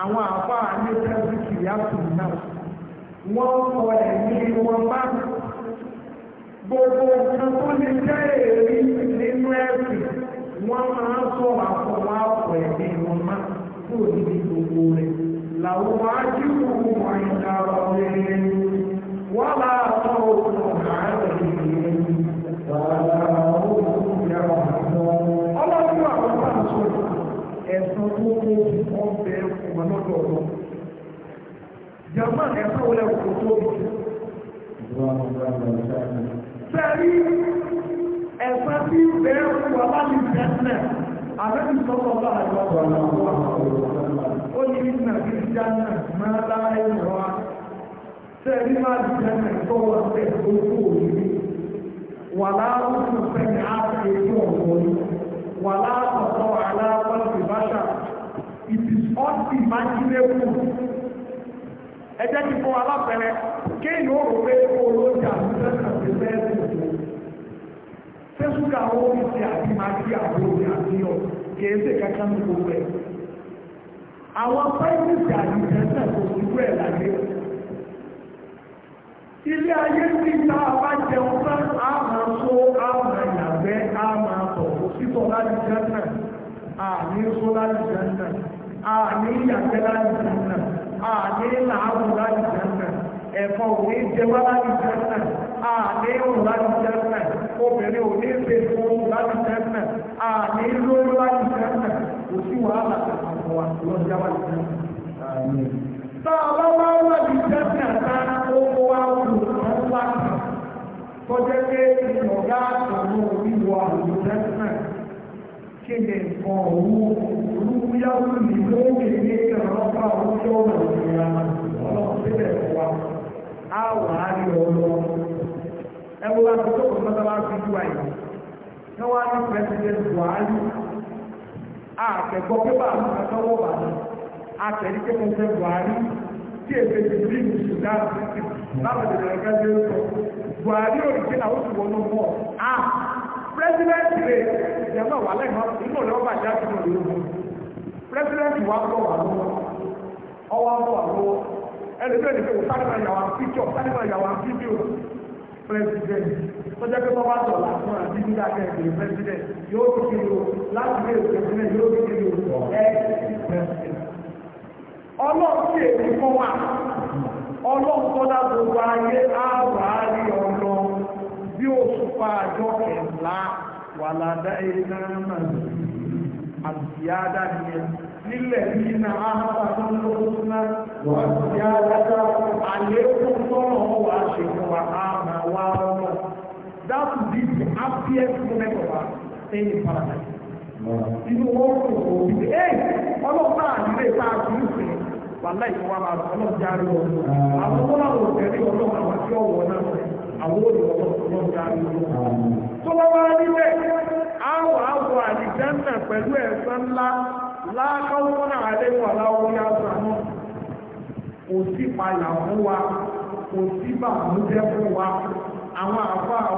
àwọn àbá àlékẹ́bí kìyàpù náà wọ́n kọ ẹ̀mí wọn bá gbogbo nǹkan tó lè jẹ́ èrí nínú ẹ̀sìn wọ́n máa ń sọ àfọwọ́ àpọ̀ ẹ̀mí wọn má kúrò níbi gbogbo rẹ̀ làwọn ajíwò wọn ìta ọ̀rẹ́ wọ́n bá àwọn òkùnkùn àárẹ̀ ìrìn ọlọ́dún àwọn bá ń sọ̀rọ̀ ẹ̀sùn gbogbo wọn bẹ ọmọ lọ́dọ̀ ọ̀dọ̀ jama ẹ̀sùn wọlé òkú tó bì sẹ́rí ẹ̀sùn tí bẹ́ẹ̀ fún wa láti jẹ́sẹ̀ àbẹ́bí sọ́kọ̀ bá àjọ ó ní ìsìnà bí jẹ́nà máa láyé wá sẹ́rí máa di jẹ́nà tó wà bẹ́ẹ̀ tó kú òní wà láàrú fún fẹ́ni á fi ètò ọ̀gbọ́n
wàlá àtọ̀tọ̀ aláàbọ̀n
ìbáṣà it is unimaginable ẹ jẹ́ kí fún alápẹ̀rẹ̀ kéèyàn ó rò pé olóòjì àtúntẹ̀ àti bẹ́ẹ̀ tó tó fẹ́sùkà àwọn oníṣẹ́ àti màjí àwọn orí àfihàn kèése kankan ní gbogbo ẹ̀ àwọn pẹ́ẹ́sì àyíkẹ́sẹ̀ kò sí rẹ̀ láyé ilé ayé ti ta àbájẹun tán àmà só àmà títọ̀ láti jẹ́nà àní só láti jẹ́nà àní ìyàgbẹ́ láti jẹ́nà àní làágùn láti jẹ́nà ẹ̀fọ́ òní jẹwá láti jẹ́nà àní òun láti jẹ́nà obìnrin òní ṣe fún láti jẹ́nà àní lórí láti jẹ́nà kò sí wàhálà àwọn àtúnwájá wà ní jẹ́nà. tá a bá wá wà ní jẹ́nà tá a kó wá كده فهو يوم يوم يجيك الرفع وشوم القيامة ونقصد القوة أو هذه الأمور أولا تقول مثلا في جوائي نواني president Buhari àkẹ́gbọ́ pípà àtọwọ́ wà ní àtẹ̀rí pé Buhari tí èdè ìbílíìmù Sudan láwọn ìdèrè ẹgbẹ́ lé ń sọ Buhari ò ní kí àwọn òṣùwọ̀n náà mọ̀ á pírẹsidẹ́ntì rẹ̀ ìjẹ̀mọ́ wà lẹ́nu inú rẹ̀ ọba ìjà tó lè lò pírẹsidẹ́ntì wa bọ̀ wà lọ́wọ́ ọwọ́ bọ̀ wà lọ́wọ́ ẹni tó ní kò sáré máa yà wá píkọ̀ sáré máa yà wá fídíò pírẹsidẹ́ntì tó jẹ́ pé bọ́bá dọ̀ lásán àti nígbà kẹ́kẹ́ pírẹsidẹ́ntì yóò fi kiri o láti lè pírẹsidẹ́ntì yóò fi kiri o ẹ ọlọ́ọ̀tì èdè fún wa ọlọ́ọ̀tọ́lá gbogbo ayé á wà á rí ọ̀nà bí òṣùpá àjọkẹ́ àlá wàlàdá iná máa àbíyádá nìyẹn nílẹ̀ nínú àhábà tó ń lọ sí náà wà sí àdájá àlékún tọ́nà wà ṣe fún wa àmà wà ọmọ that would be ọlọ́jà rẹ ọdún àwọn tó náà wò tẹ̀lé ọlọ́pàá tí ó wọ náà àwọn tó bá wá níbẹ̀ àwọ̀ àwọ̀ àlìjẹ́ńnà pẹ̀lú ẹ̀san ńlá lákọ́wọ́ náà àléwọ̀ aláwọ̀ yá sànú kò sí palà fún wa kò sí bàmújẹ́ fún wa àwọn àfa tó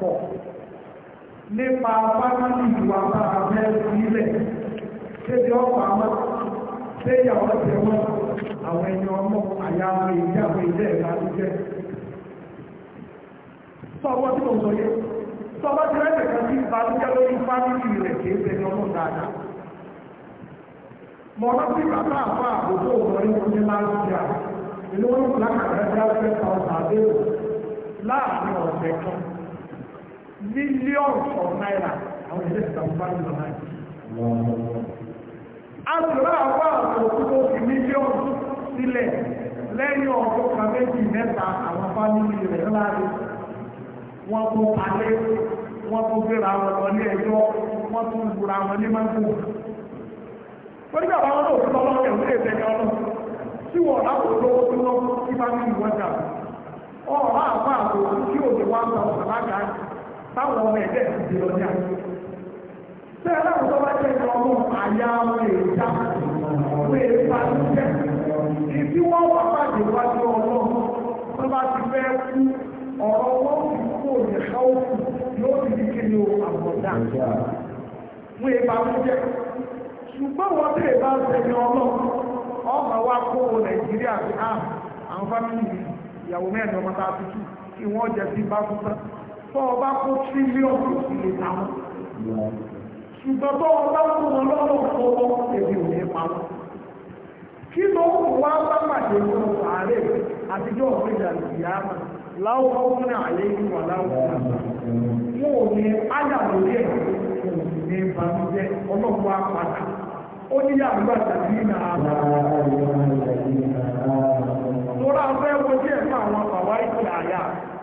pọ̀ nípa ìwà bá a sílẹ̀ kéde àwọn ẹni ọmọ àyàwó sọ́wọ́ tí mo sọ yẹ sọ́wọ́ tí rẹ̀ kẹ̀kẹ́ sí ìbànújẹ́ lórí fámìlì rẹ̀ kì í bẹ̀rẹ̀ ọmọ dáadáa mọ̀ ọ́n sí bàbá àpá àbòbò òmòrí wọn ní láàrúdíà inú wọn kò lákàtà bí abẹ́ ọ̀sà àbẹ̀wò láàrin ọ̀sẹ̀ kan mílíọ̀nù ọ̀f náírà àwọn ìdílé ìtàkùn bá ń lọ náà àtúrà àpá àbòbò tó fi mílíọ̀nù sílẹ̀ lẹ́yìn ọ̀dọ́ kan méjì mẹ́ta àwọn fámìlì rẹ̀ láàrin wọ́n tún palẹ́ wọ́n tún gbéra wọn ní ẹjọ́ wọ́n tún gbura wọn ní mọ́tò. wọ́n àwọn ọlọ́run tó lọ́wọ́ ẹ̀rú lè tẹ̀lé ọlọ́run tí wọ́n lápò lówó tó lọ kí bá ní ìwọ́n jà ọ̀rọ̀ àpá àpò tí òde wá ń sọ lága táwọn ọmọ ẹ̀dẹ́ ti di ọjà. bẹ́ẹ̀ láwọn tó bá jẹ́ ìjọ ọmọ àyà wọn èjà wọn èèpa ló jẹ́ ìdí wọ́n wá pàdé wájú ọlọ́run tó bá ti fẹ́ kú ọ̀rọ̀ wọn kù yóò ní káwọ́pù yóò ní kíkiri àbọ̀dá wọ́n èèbà ń jẹ́ ṣùgbọ́n wọ́n tẹ̀ bá ń tẹ̀lé ọlọ́run ọmọ wa kó wo nàìjíríà sí àmì ah, àwọn fámìlì ìyàwó mẹ́rin ọmọ tá a ti tù kí wọ́n jẹ sí bá fúnfẹ́ tó o bá kó tírílíọ̀nù ìlè táwọn ṣùgbọ́n tó o bá kó wọn lọ́rùn fọwọ́ èdè ò ní pa wọn kí ló wá bá pàdé lóhùn àárẹ̀ àtijọ́ òfin ìdàlùfìyà máa láwọ́kún àlẹ́ ìwà láwọ́kún wọn ò ní áyà lórí ẹ̀ kò sì ní ìbànújẹ́ ọlọ́pàá apàdà ó ní yàgbà tàbí ìnà àbá lọ́rọ̀ afẹ́ wo sí ẹ̀ka àwọn bàbá ìpìlẹ̀ àyà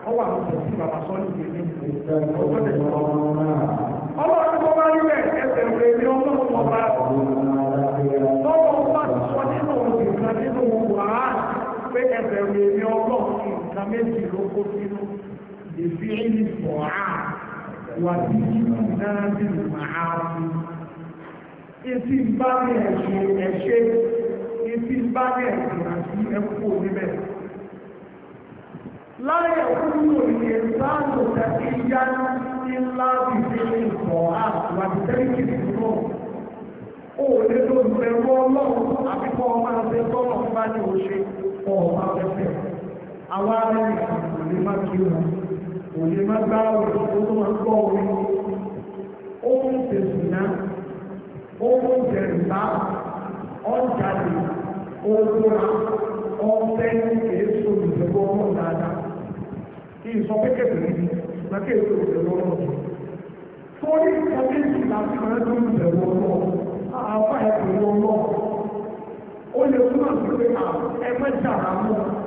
ó wà ní ìtẹ̀sí bàbá sọ́ọ́lì ìgbèlè ọgbọ́dẹ̀ ọlọ́run tó bá rí rẹ̀ ẹsẹ̀ rẹ̀ ní ọlọ́run ọba lọ́wọ́ bá sọ nínú òkè kan nínú wàhálà pé ẹsẹ̀ rẹ̀ ọlọ́run nǹkan méjì ló kó sínú ìfi ìlú fọ̀ọ́á wà sí ìlú náà nínú màá fún etí ń bá ní ẹ̀ṣẹ̀ ẹ̀ṣẹ̀ etí ń bá ní ẹ̀ṣẹ̀ àti ẹ̀kú níbẹ̀ láyé kúrò ní ìsáàlù tàbí yá ńlá ìdílé ìfọ̀ọ́á wà sí tẹ́lifí ìfúnnà ó lè lóògbé wọ́n lọ́wọ́ àbíkọ́ ọmọ àti ẹ̀kọ́ ọmọ bá ní òṣè ọmọ àti ẹ̀kọ́ àwọn arẹ́yìn kò lè má kí wọn kò lè má gbá wọn ó tó máa gbọ́ orin ó ń tẹ̀sùn náà ó ń tẹ̀sùn bá ọjà lè ó lóra ọ̀fẹ́ ní èso ìjọba ọmọ dáadáa kí n sọ pé kékeré ni ṣùgbọ́n kí èso ìjọba ọmọ tó torí ìtọ́jú ìjìlá tí wọ́n tó ń bẹ̀rù ọmọ àwọn ẹ̀kọ́ ọmọ ó lè túmọ̀ sí pé ẹ mẹ́ta àwọn ọmọ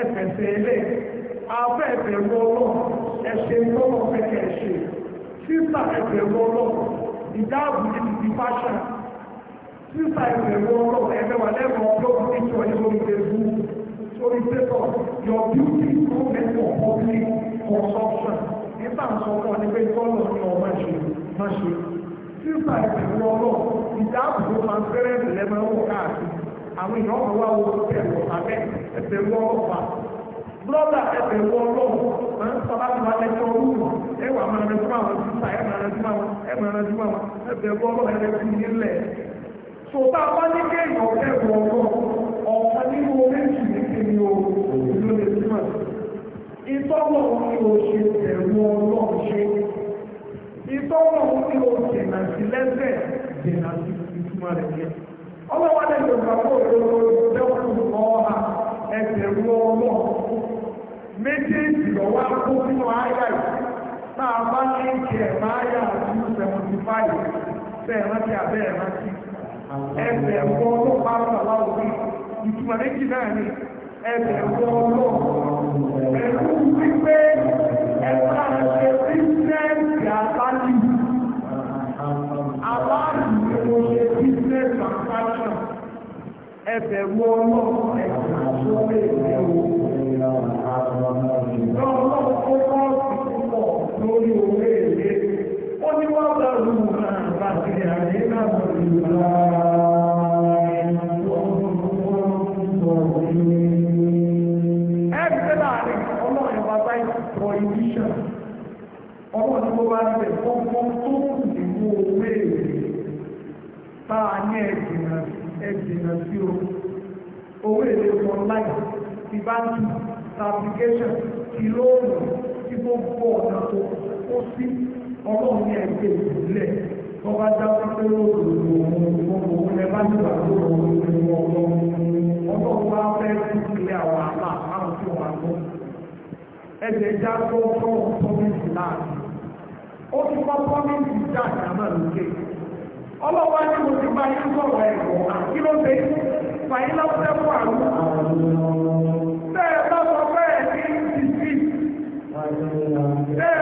ẹ̀fẹ̀sẹ̀ ilé afẹ́ẹ̀fẹ̀ lọ́lọ́ ẹ̀ṣẹ̀ lọ́lọ́ fẹ́kẹ̀ ẹ̀ṣẹ̀ sísà ẹ̀fẹ̀ lọ́lọ́ ìdáàbò ti ti fáṣà sísà ẹ̀fẹ̀ lọ́lọ́ ẹ̀fẹ̀ wà lẹ́kọ̀ọ́ lọ́wọ́ ní ìṣọ́ ní orí tẹ̀sù orí tẹ̀sọ̀ your beauty no make for public consumption nígbà ń sọ fún ọ ní pé kọ́lọ̀ ni ọ máa ṣe máa ṣe sísà ẹ̀fẹ̀ lọ́lọ́ ìdáàbò transparent lẹ́mọ̀ káàkiri àwọn èèyàn ọ̀rọ̀ wá wo ẹ̀wọ̀ abẹ́ ẹ̀fẹ̀ wọ ọ̀fà blọ́dà ẹ̀fẹ̀ wọ ọlọ́wọ̀ sọ́dá tó wà lẹ́tọ́ ọ̀rùn ẹ̀wà máa rẹ̀ fún àwọn sísá ẹ̀ máa rẹ̀ fún àwọn ẹ̀ máa rẹ̀ fún àwọn ẹ̀fẹ̀ wọ ọlọ́wọ̀ ẹ̀rẹ̀ fún yín lẹ̀. sọ̀tà bá ní kéèyàn ẹ̀wọ̀ ọ̀rọ̀ ọ̀kan nínú méjì ní kíni o ló lè túmọ̀ ìtọ́wọ̀ ni o ṣe ẹ̀wọ̀ ọlọ́run ṣe ìtọ́wọ̀ ni o jìnà sí lẹ́sẹ̀ jìnà sí
ìtumọ̀ rẹ̀ yẹn
ọlọ́wọ́ lè lò gbà fún òdodo ìdẹ́wọ́n ọ̀ha ẹsẹ̀ rú ọmọ méjèèjì lọ́wọ́ akó nínú àyà yìí náà bá ní ìkẹ́ ẹ̀mà àyà àti seventy five bẹ́ẹ̀ rántí abẹ́ ẹ̀ rántí ẹsẹ̀ ẹ̀kọ́ ọlọ́pàá bàbá òbí ìtumọ̀ méjì náà ni ẹsẹ̀ ẹ̀kọ́ ọlọ́pàá ẹ̀kú wípé ẹ̀ka ẹ̀ṣẹ̀ bísẹ́ẹ̀sì àbájú àbájú ni mo ṣe ẹbẹ̀ mú ọmọ ẹ̀sìn àṣọ́lé ìlú
lọ́wọ́ tó kọ́
ìpínlọ̀ lórí owó èlé ó ní wọ́n bá lù bá ti àdé náà lù ẹgbẹ́ láàrin ọlọ́rin bàbá ìtọ́ ìdíṣà ọmọ ní mo bá ń fọ́nfọ́n tó kù nínú owó èlé tá ní ẹ̀jìnà ẹ̀jìnà sí o owó èlé online ti báńkì application ti lóòrùn tí gbogbo ọ̀nà tó kó sí ọlọ́run ní ẹgbẹ́ ìbílẹ̀ tó bá já sí pé lóòrùn òun òun òun ẹ bá nígbà tó rọ òun wọn lọ ọlọ́run wá fẹ́ sí ilé àwọn àlá àwọn tí wọ́n lọ ẹ̀jẹ̀ já tó tọ́ ọ̀tọ́ láàrin ó tún bá pọ́nmẹ́tì já ìdámà lókè ọlọ́wọ́ ní mo ti bá yín sọ̀rọ̀ ẹ̀kọ́ kí ló dé fàyín lọ́sẹ̀ fún àrùn tẹ́ ẹ bá sọ bẹ́ẹ̀ ní ìsìn
tẹ́ ẹ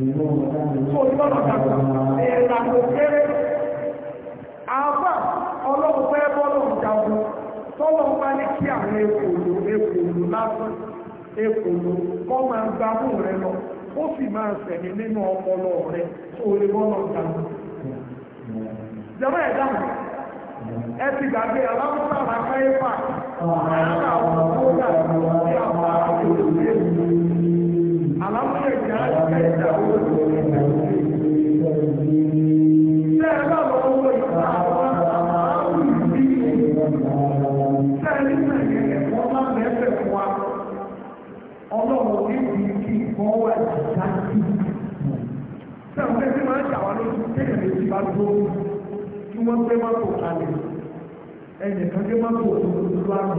Kò lọ́nà kàkà, èèrà kò kéré.
Àbá ọlọ́run fẹ́ bọ́lọ̀ jagun, tọ́lọ̀ ní kí àwọn ekòlò ekòlò lásán, kọ́ gba mú rẹ lọ, ó sì máa sẹ̀mí nínú ọpọlọ rẹ tó lè ẹ̀dá ti gbàgbé àlàáfíà ìjà ìjà ìjà owó tẹ́ẹ̀ bá lọ owó ìta àwọn àwọn ìbí tẹ́ẹ̀ nígbà yẹn wọ́n máa mẹ́fẹ̀ fún wa ọlọ́run ní ìdí kí wọ́n wà jíjá sí tẹ́ẹ̀ bẹ́ẹ̀ tí máa ń ṣàwọn lójú tẹ́ẹ̀ lè ti bá dúró kí wọ́n gbé mọ́tò kalẹ̀ ẹnìkan gbé mọ́tò òṣèlú àmì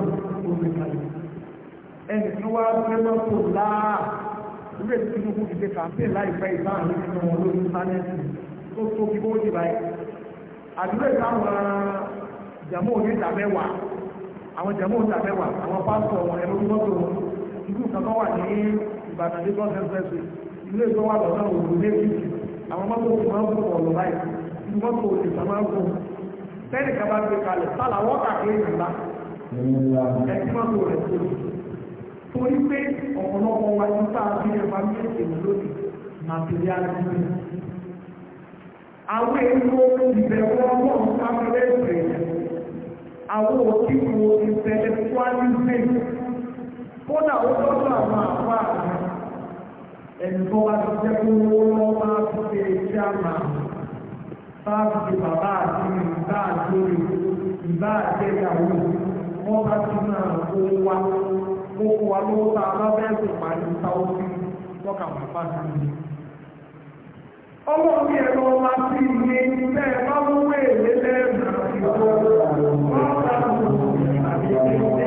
òṣèlú kalẹ̀ ẹnìkan wá gbé mọ́tò láà ìwé tí Tinubu ti ṣe campaign láìpẹ́ ìbáàmì nínú wọn lórí íńtánẹ́ẹ̀tì tó tóbi bó ti báyìí àdúrà ìtàwọn jàmọ́ òní ìdàmẹ́wàá àwọn jàmọ́ òní ìdàmẹ́wàá àwọn pásítọ̀ wọn ẹ̀rọ gbọ́dọ̀ wọn ìlú kankan wà ní Ìbàdàn Lagos expressway ilé ìjọ wà lọ́nà òòrùn méjì àwọn mọ́tò òkú máa ń bọ̀ ọ̀lọ́ báyìí ìlú mọ́tò òkú ìta máa ń bọ̀ torí pé ọ̀pọ̀lọpọ̀ wa ní tá a fi ẹ̀fà méjì lónìí màtíríálì àwọn èèyàn ìbẹ̀wọ̀ ọlọ́run sáfẹ́lẹ́ ìbẹ̀rẹ̀ àwọn òkìkò ìbẹ̀rẹ̀ fúwálífẹ́ kódà ó lọ́dọ̀ àwọn àwọn àwọn ẹ̀nìkọ́ wa ti jẹ́ kó owó lọ́wọ́ máa fi ṣe iṣẹ́ àmà báàbù ti bàbá àti ìbá àti ìbá àti ẹ̀yàwó wọ́n bá ti máa kó wá ó fún wa lówó tá a bá bẹ́ẹ̀ sì parí táwọn sí
lọ́kà wà sí i.
ọmọ mi ẹ̀rọ wá sí ilé tẹ́ ẹ bá mú èlé lẹ́ẹ̀mà ìgbó wọ́n bá mú àbí ilé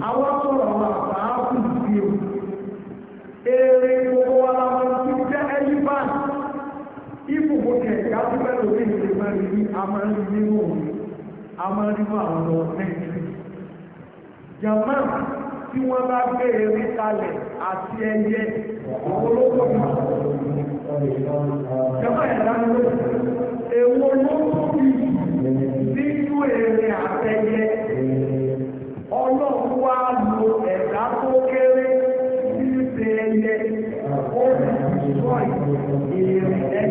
àwọn sọ̀rọ̀ àwọn àtàkù ere o eré gbogbo wa la wọn ti jẹ́ ẹyí báyìí ibùgbò kẹ̀kẹ́ àti bẹ́ẹ̀ lórí ìlú mẹ́rin ní amárí nínú òun amárí nínú àwọn bá gbé eré kalẹ̀ àti ẹyẹ ló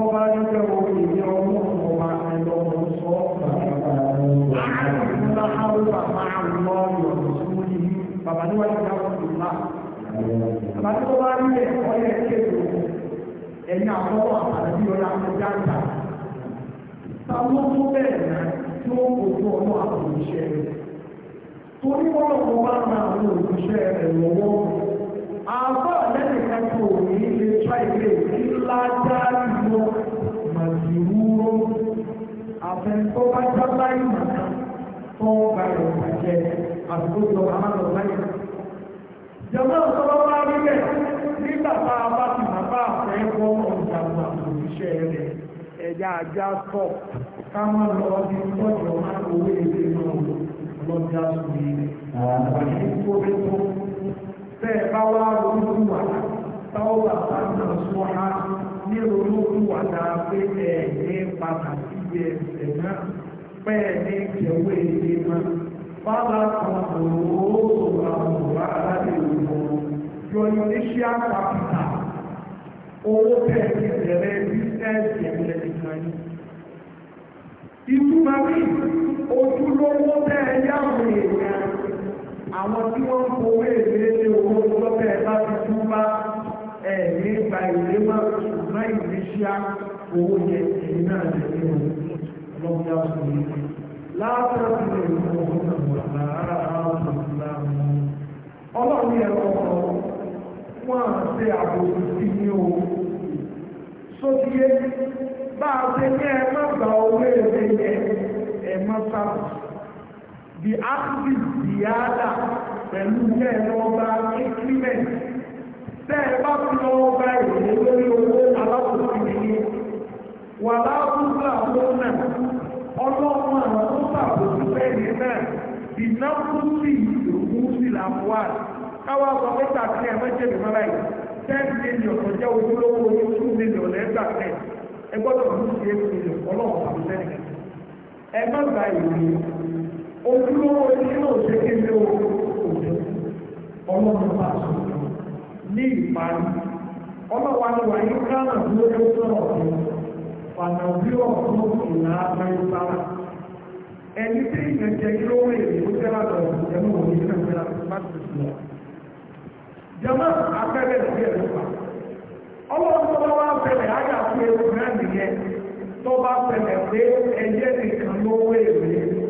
tó bá ní pé o lè ní ọmọ ọmọ ẹlọ ọmọ sọ bàbá ní wàá ìjà wọn ìlà bàbá tó bá rí ẹ ọyẹ kéèkó ẹ̀yìn àkọ́kọ́ àbàdí ọyà ọjà ń ta táwọn tó bẹ́ẹ̀ náà tí ó kò tó ọmọ àpò ìṣẹ́ rẹ̀ torí wọ́n lọ́kọ̀ọ́ bá máa ń lo òṣìṣẹ́ rẹ̀ lọ́wọ́ àbọ̀ lẹ́yìn kẹ́kọ̀ọ́ òní lè tọ́ ìgbé ńlájáàrí lọ màdìrúró àfẹ́ńtọ́ bá jábá ìmọ̀ta tó ń gba ìrọ̀lá jẹ àdúgbò tó bá máa lọ láyé. Jọba ọ̀sọ́lọ́ bá rí bẹ̀ nígbà tá a bá ti bàbá àfẹ́ wọ́ ọ̀jàgbà òṣìṣẹ́ rẹ̀ ẹ̀yà àjá sọ̀ ká má lọ bí tọ́jọ́ máa owó èdè náà lọ́jà sùn Àwọn
ìfowópamọ́
bẹ́ẹ̀ bá wá lórí wà táwọn bàbá náà sọ ha ní olókùn wà dáa pé ẹ̀ ní pàtàkì ẹsẹ̀ náà pẹ́ẹ́ ní ìjẹ̀wé ilé náà fáwọn àkànṣe òwò àwòrán aláde òwò your initial capital owó bẹ́ẹ̀ ní ìbẹ̀rẹ̀ bísẹ́ẹ̀sì ẹ̀mílẹ̀ nìkan yìí. ìtumọ̀ mi ojúlówó bẹ́ẹ̀ yàwó èèyàn àwọn tí wọ́n ń fowó èlé lé owó lọ́pẹ́ bá ti tún bá ẹ̀mí gba ìlé wá ṣùgbọ́n ìgbésíá owó yẹn èyí náà lè ní o lọ́wọ́ yá fún mi. látàrí ilé ìlú ọ̀hún náà wà àbòsí sí ní o sókè bá a ṣe ní ẹ owó èlé yẹn ẹ The bí ápùsì ìyáàdà pẹ̀lú ẹ̀rọ ọba increment tẹ́ẹ̀ bá fi lọ ọba èrè lórí owó alákòókò nìyí wà láàbùsù àwọn náà ọlọ́run àwọn tó sàbòsí bẹ́ẹ̀ni náà ìnáfúsì ìrùkúsì làwọn káwá sọ pé tàbí ẹ̀mẹ́jẹ̀ mi mọ́ra yìí ten million ọjọ́ ojúlówó ní two million lẹ́gbàá ten ẹ gbọ́dọ̀ fún eight million ọlọ́run àbúsẹ́ni ẹ má gba ìròyìn ojúlówó nínú òṣèké ní òjò ọlọ́run bá sọ ní ìparí ọlọ́wà ni wà ní kánà lójú sọ̀rọ̀ fún fànà bí ọ̀pọ̀ ìlà amẹ́ríkà ẹni tí ìgbẹ̀jẹ̀ lówó èdè ó jẹ́ látọ̀ ìjẹ̀mú òní ní ìjẹ̀mú láti sùn jẹ́mọ́ afẹ́rẹ́ sí ẹ̀rọ pa ọlọ́run tó bá wá fẹ́lẹ̀ áyà fún ewu náà nìyẹn tó bá fẹ́lẹ̀ pé ẹjẹ́ nìkan lówó èdè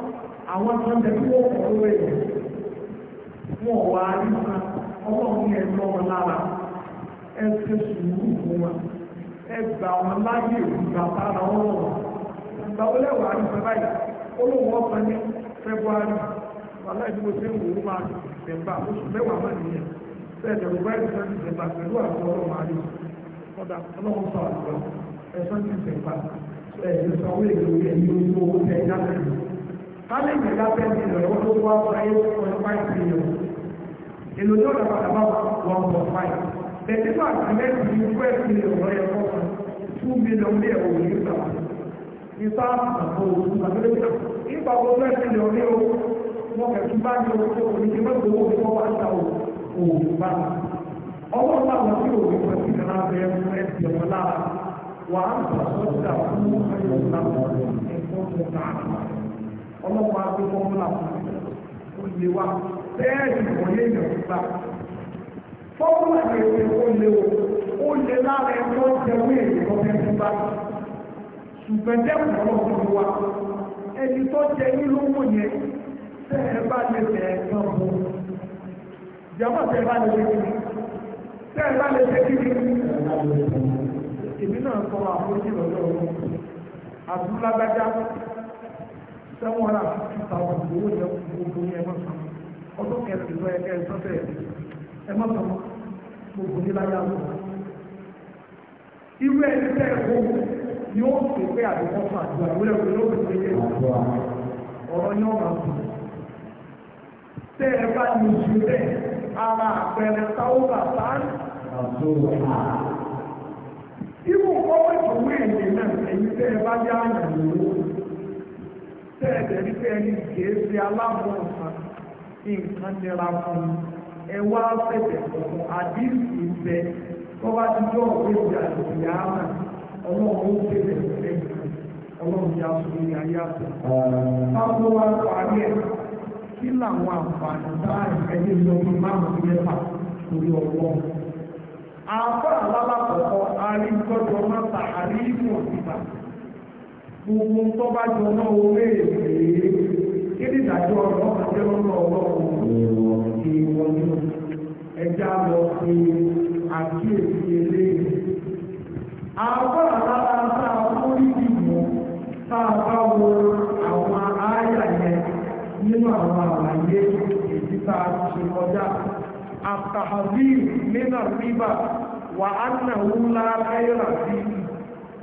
àwọn tó ń bẹ tó wọ́n kọ̀ lórí ẹ̀ wọ́n wá nípa ọlọ́run yẹn lọ́ wọn lára ẹ ṣe sùúrù fún wọn ẹ gbà wọn láyé ìgbà tára wọn lọ́wọ́ ìgbà wọlé wà á nípa báyìí olóhùn ọ̀sán ní february wàhálà ìdúró sí ìwò ó máa dẹ̀mbà oṣù mẹ́wàá máa nìyẹn bẹ́ẹ̀ dẹ̀rù báyìí sọ ní dẹ̀mbà pẹ̀lú àwọn ọlọ́run àlè ọ̀dà ọlọ́run sọ àlùbọ̀ ẹ̀sán ní dẹ̀mbà ẹ̀yẹ sọ wọ́n èlò ẹ̀yìn ojú owó tẹ̀ ẹ̀dá mẹ́rin bálẹ̀ ìgbẹ̀dá ten million ó tó wá wá eight point five million èlò ní ọ̀dà padà bá one point five bẹ̀rẹ̀ bá àgbẹ̀mẹ́tì ní twelve million lọ́yẹ̀ kọ́ two million ní ẹ̀wọ̀n ní ìgbà ìfá àpò òkú àgbẹ̀lẹ́gbẹ̀ nípa owó twelve million ní o wọ́n kẹ̀kí bá ní owó tó ní ìgbẹ́ owó tí wọ́n bá ń ta òògùn bá ọwọ́ náà wọ́n sí òògùn pẹ̀lú ìdáná bẹ́ẹ̀ fún ẹ̀sìn ọ̀la wàá ń sọ̀tà fún ẹ̀yọ̀ ọlọ́pàá tó fọ́múlà ó lè wá bẹ́ẹ̀ ni kò yé gbà fọ́múlà yẹn ó lè o ó lè lára ẹ̀kọ́ jẹ̀wé èèyàn bẹ́ẹ̀ bá ṣùgbọ́n dẹ́kun ọlọ́pàá wa ẹni tó jẹ yín yẹn tẹ́ bá lè tẹ̀ ẹ̀ gan bó jàmbá tẹ́ bá lè tẹ́ kí ni tẹ́ bá lè tẹ́ kí ni èmi náà sọ àforíjì lọ́dọ̀ ọ̀run àdúlágbájá sẹ́wọ̀n rà fífi tàwọn owó yẹ gbogbo yẹ mọ́ sàn ọdún kẹsì lọ ẹgbẹ́ sọ́tẹ̀ ẹ mọ́ sàn gbogbo níláyà lọ. irú ẹni tẹ́ ẹ kó yóò ṣe pé àdúgbò fún àdúrà ìwúlẹ̀ kò yóò ṣe pé
ọ̀rọ̀ yóò máa sùn.
tẹ́ ẹ bá ní oṣù bẹ́ẹ̀ ara àpẹẹrẹ táwọn bàbá Ibùkọ́ wẹ̀tọ̀ wẹ̀ẹ̀dẹ̀ náà ẹ̀yin tẹ́ ẹ bá yá àyàn lówó. tẹ́ẹ̀dẹ̀ wípé ẹni kìí ṣe aláàbọ̀nsán nǹkan nira fún ẹ wá fẹ̀tẹ̀ fún àdínkù ìfẹ́ tó ti jọ òwe ìjà ìyá ọlọ́run bẹ̀rẹ̀ ọlọ́run ya sọ ní parí kí làwọn àǹfààní báyìí ẹni lọ márùn mẹ́fà gbogbo tó bá jọ náà orí èdè kí ní ìdájọ́ ọ̀rọ̀ àjẹ́ lọ́nà ọlọ́run ìwọ̀n ní ẹja lọ pé àkíyèsí eléyìí. àwọn àlára tá a fún ìdìbò tá a bá wo àwọn yẹn nínú àwọn àlàyé èyí tá a ṣe kọjá àtàhàbí nínú wà á nà wúlá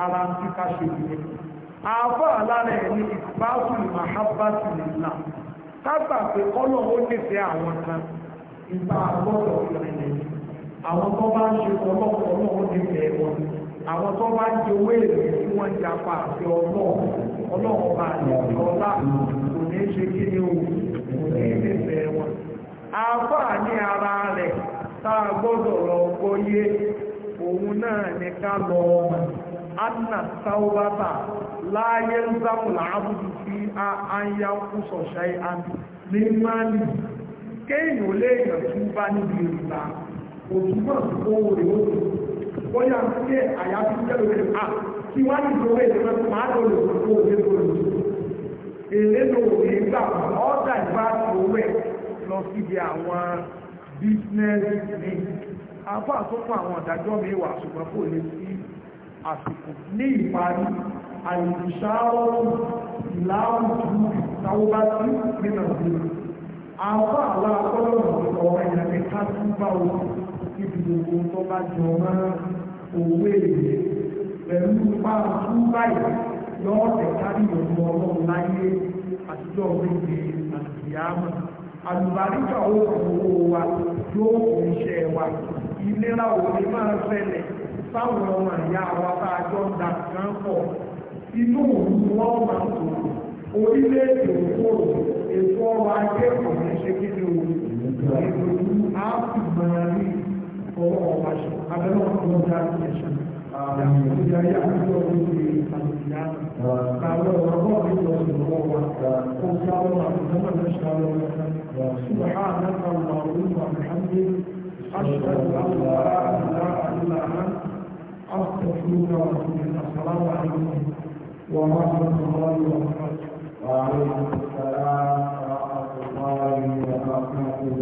ara ń tí ká ṣe ìyẹn àbá alára ẹ̀ ní ìbáfùlù mahabbati nìlá kágbà pé kọ́lọ̀ ó nífẹ̀ẹ́ àwọn kan ìgbà àgbọ́dọ̀ ìrìnlẹ̀ àwọn tó bá ń ṣe ọlọ́pọ̀ ọlọ́run nífẹ̀ẹ́ wọn àwọn tó bá ń jẹ owó èrè tí wọ́n ń japa àti ọlọ́run ọlọ́run bá lè fi ọlá kò ní ṣe kí ni o kò ní nífẹ̀ẹ́ wọn. àbá ní ara rẹ̀ tá a gbọ́dọ̀ lọ gbọ́yé òun náà ní ká lọ ọmọ anna taubata láyé ń zámùlà ábùdù a àyà ń kú sọ̀ṣà àmì ní mánì kéèyàn ò léèyàn tún bá níbi ìrìnlá òtúbọ̀ owó rẹ̀ ó bóyá ń pé àyàfi jẹ́rù rẹ̀ à kí wá ní ìjọba ìjọba tó máa lò lò ó lè lò lò èlé lò ó lè gbà ọ́dà ìbá owó ẹ̀ lọ síbi àwọn bísínẹ́sì ní àbá tó àwọn àdájọ́ mi wà ṣùgbọ́n kò lè sí àsìkò ní ìparí àìsíṣàwọ́n láwùjú tàwọ́bátí nínú ìlú àwọn aláàkọ́lọ́rọ̀ ọ̀rọ̀ ìyàmí kásúbà òkú ibi gbogbo tó bá jọ mọ́ owó èlé pẹ̀lú pàtó báyìí yọ́ ẹ̀kárí ìrọ̀lú ọlọ́run láyé àtijọ́ méje àtìyámọ̀ àlùbáríkà ó kò owó wa yóò kò iṣẹ́ wa ìlera òní máa ń fẹ́lẹ̀ táwọn ọmọ ìyá wa tá a jọ ń da kan pọ̀ inú òun ni wọ́n máa ń tò orílẹ̀-èdè òkúrò ètò ọrọ̀ ajé kò ní ṣe kí ni òun ìròyìn áfìmọ̀ràn ọwọ́ ọba abẹ́rẹ́ ọ̀tún ọjà ìṣẹ̀ṣẹ̀ ìyá yà á jọ lórí àlùyá àwọn ọ̀rọ̀ mi lọ sí ọwọ́ wa kó ká ọmọ àtúntò náà lọ sí àwọn ọmọ náà ṣùgbọ́n àwọn àwọn àwọn àwọn àwọn àwọn àwọn àwọn àwọn àwọn àwọn أستغفرك وأتوب إليك السلام
عليكم ورحمة الله وبركاته وعليكم السلام ورحمة الله وبركاته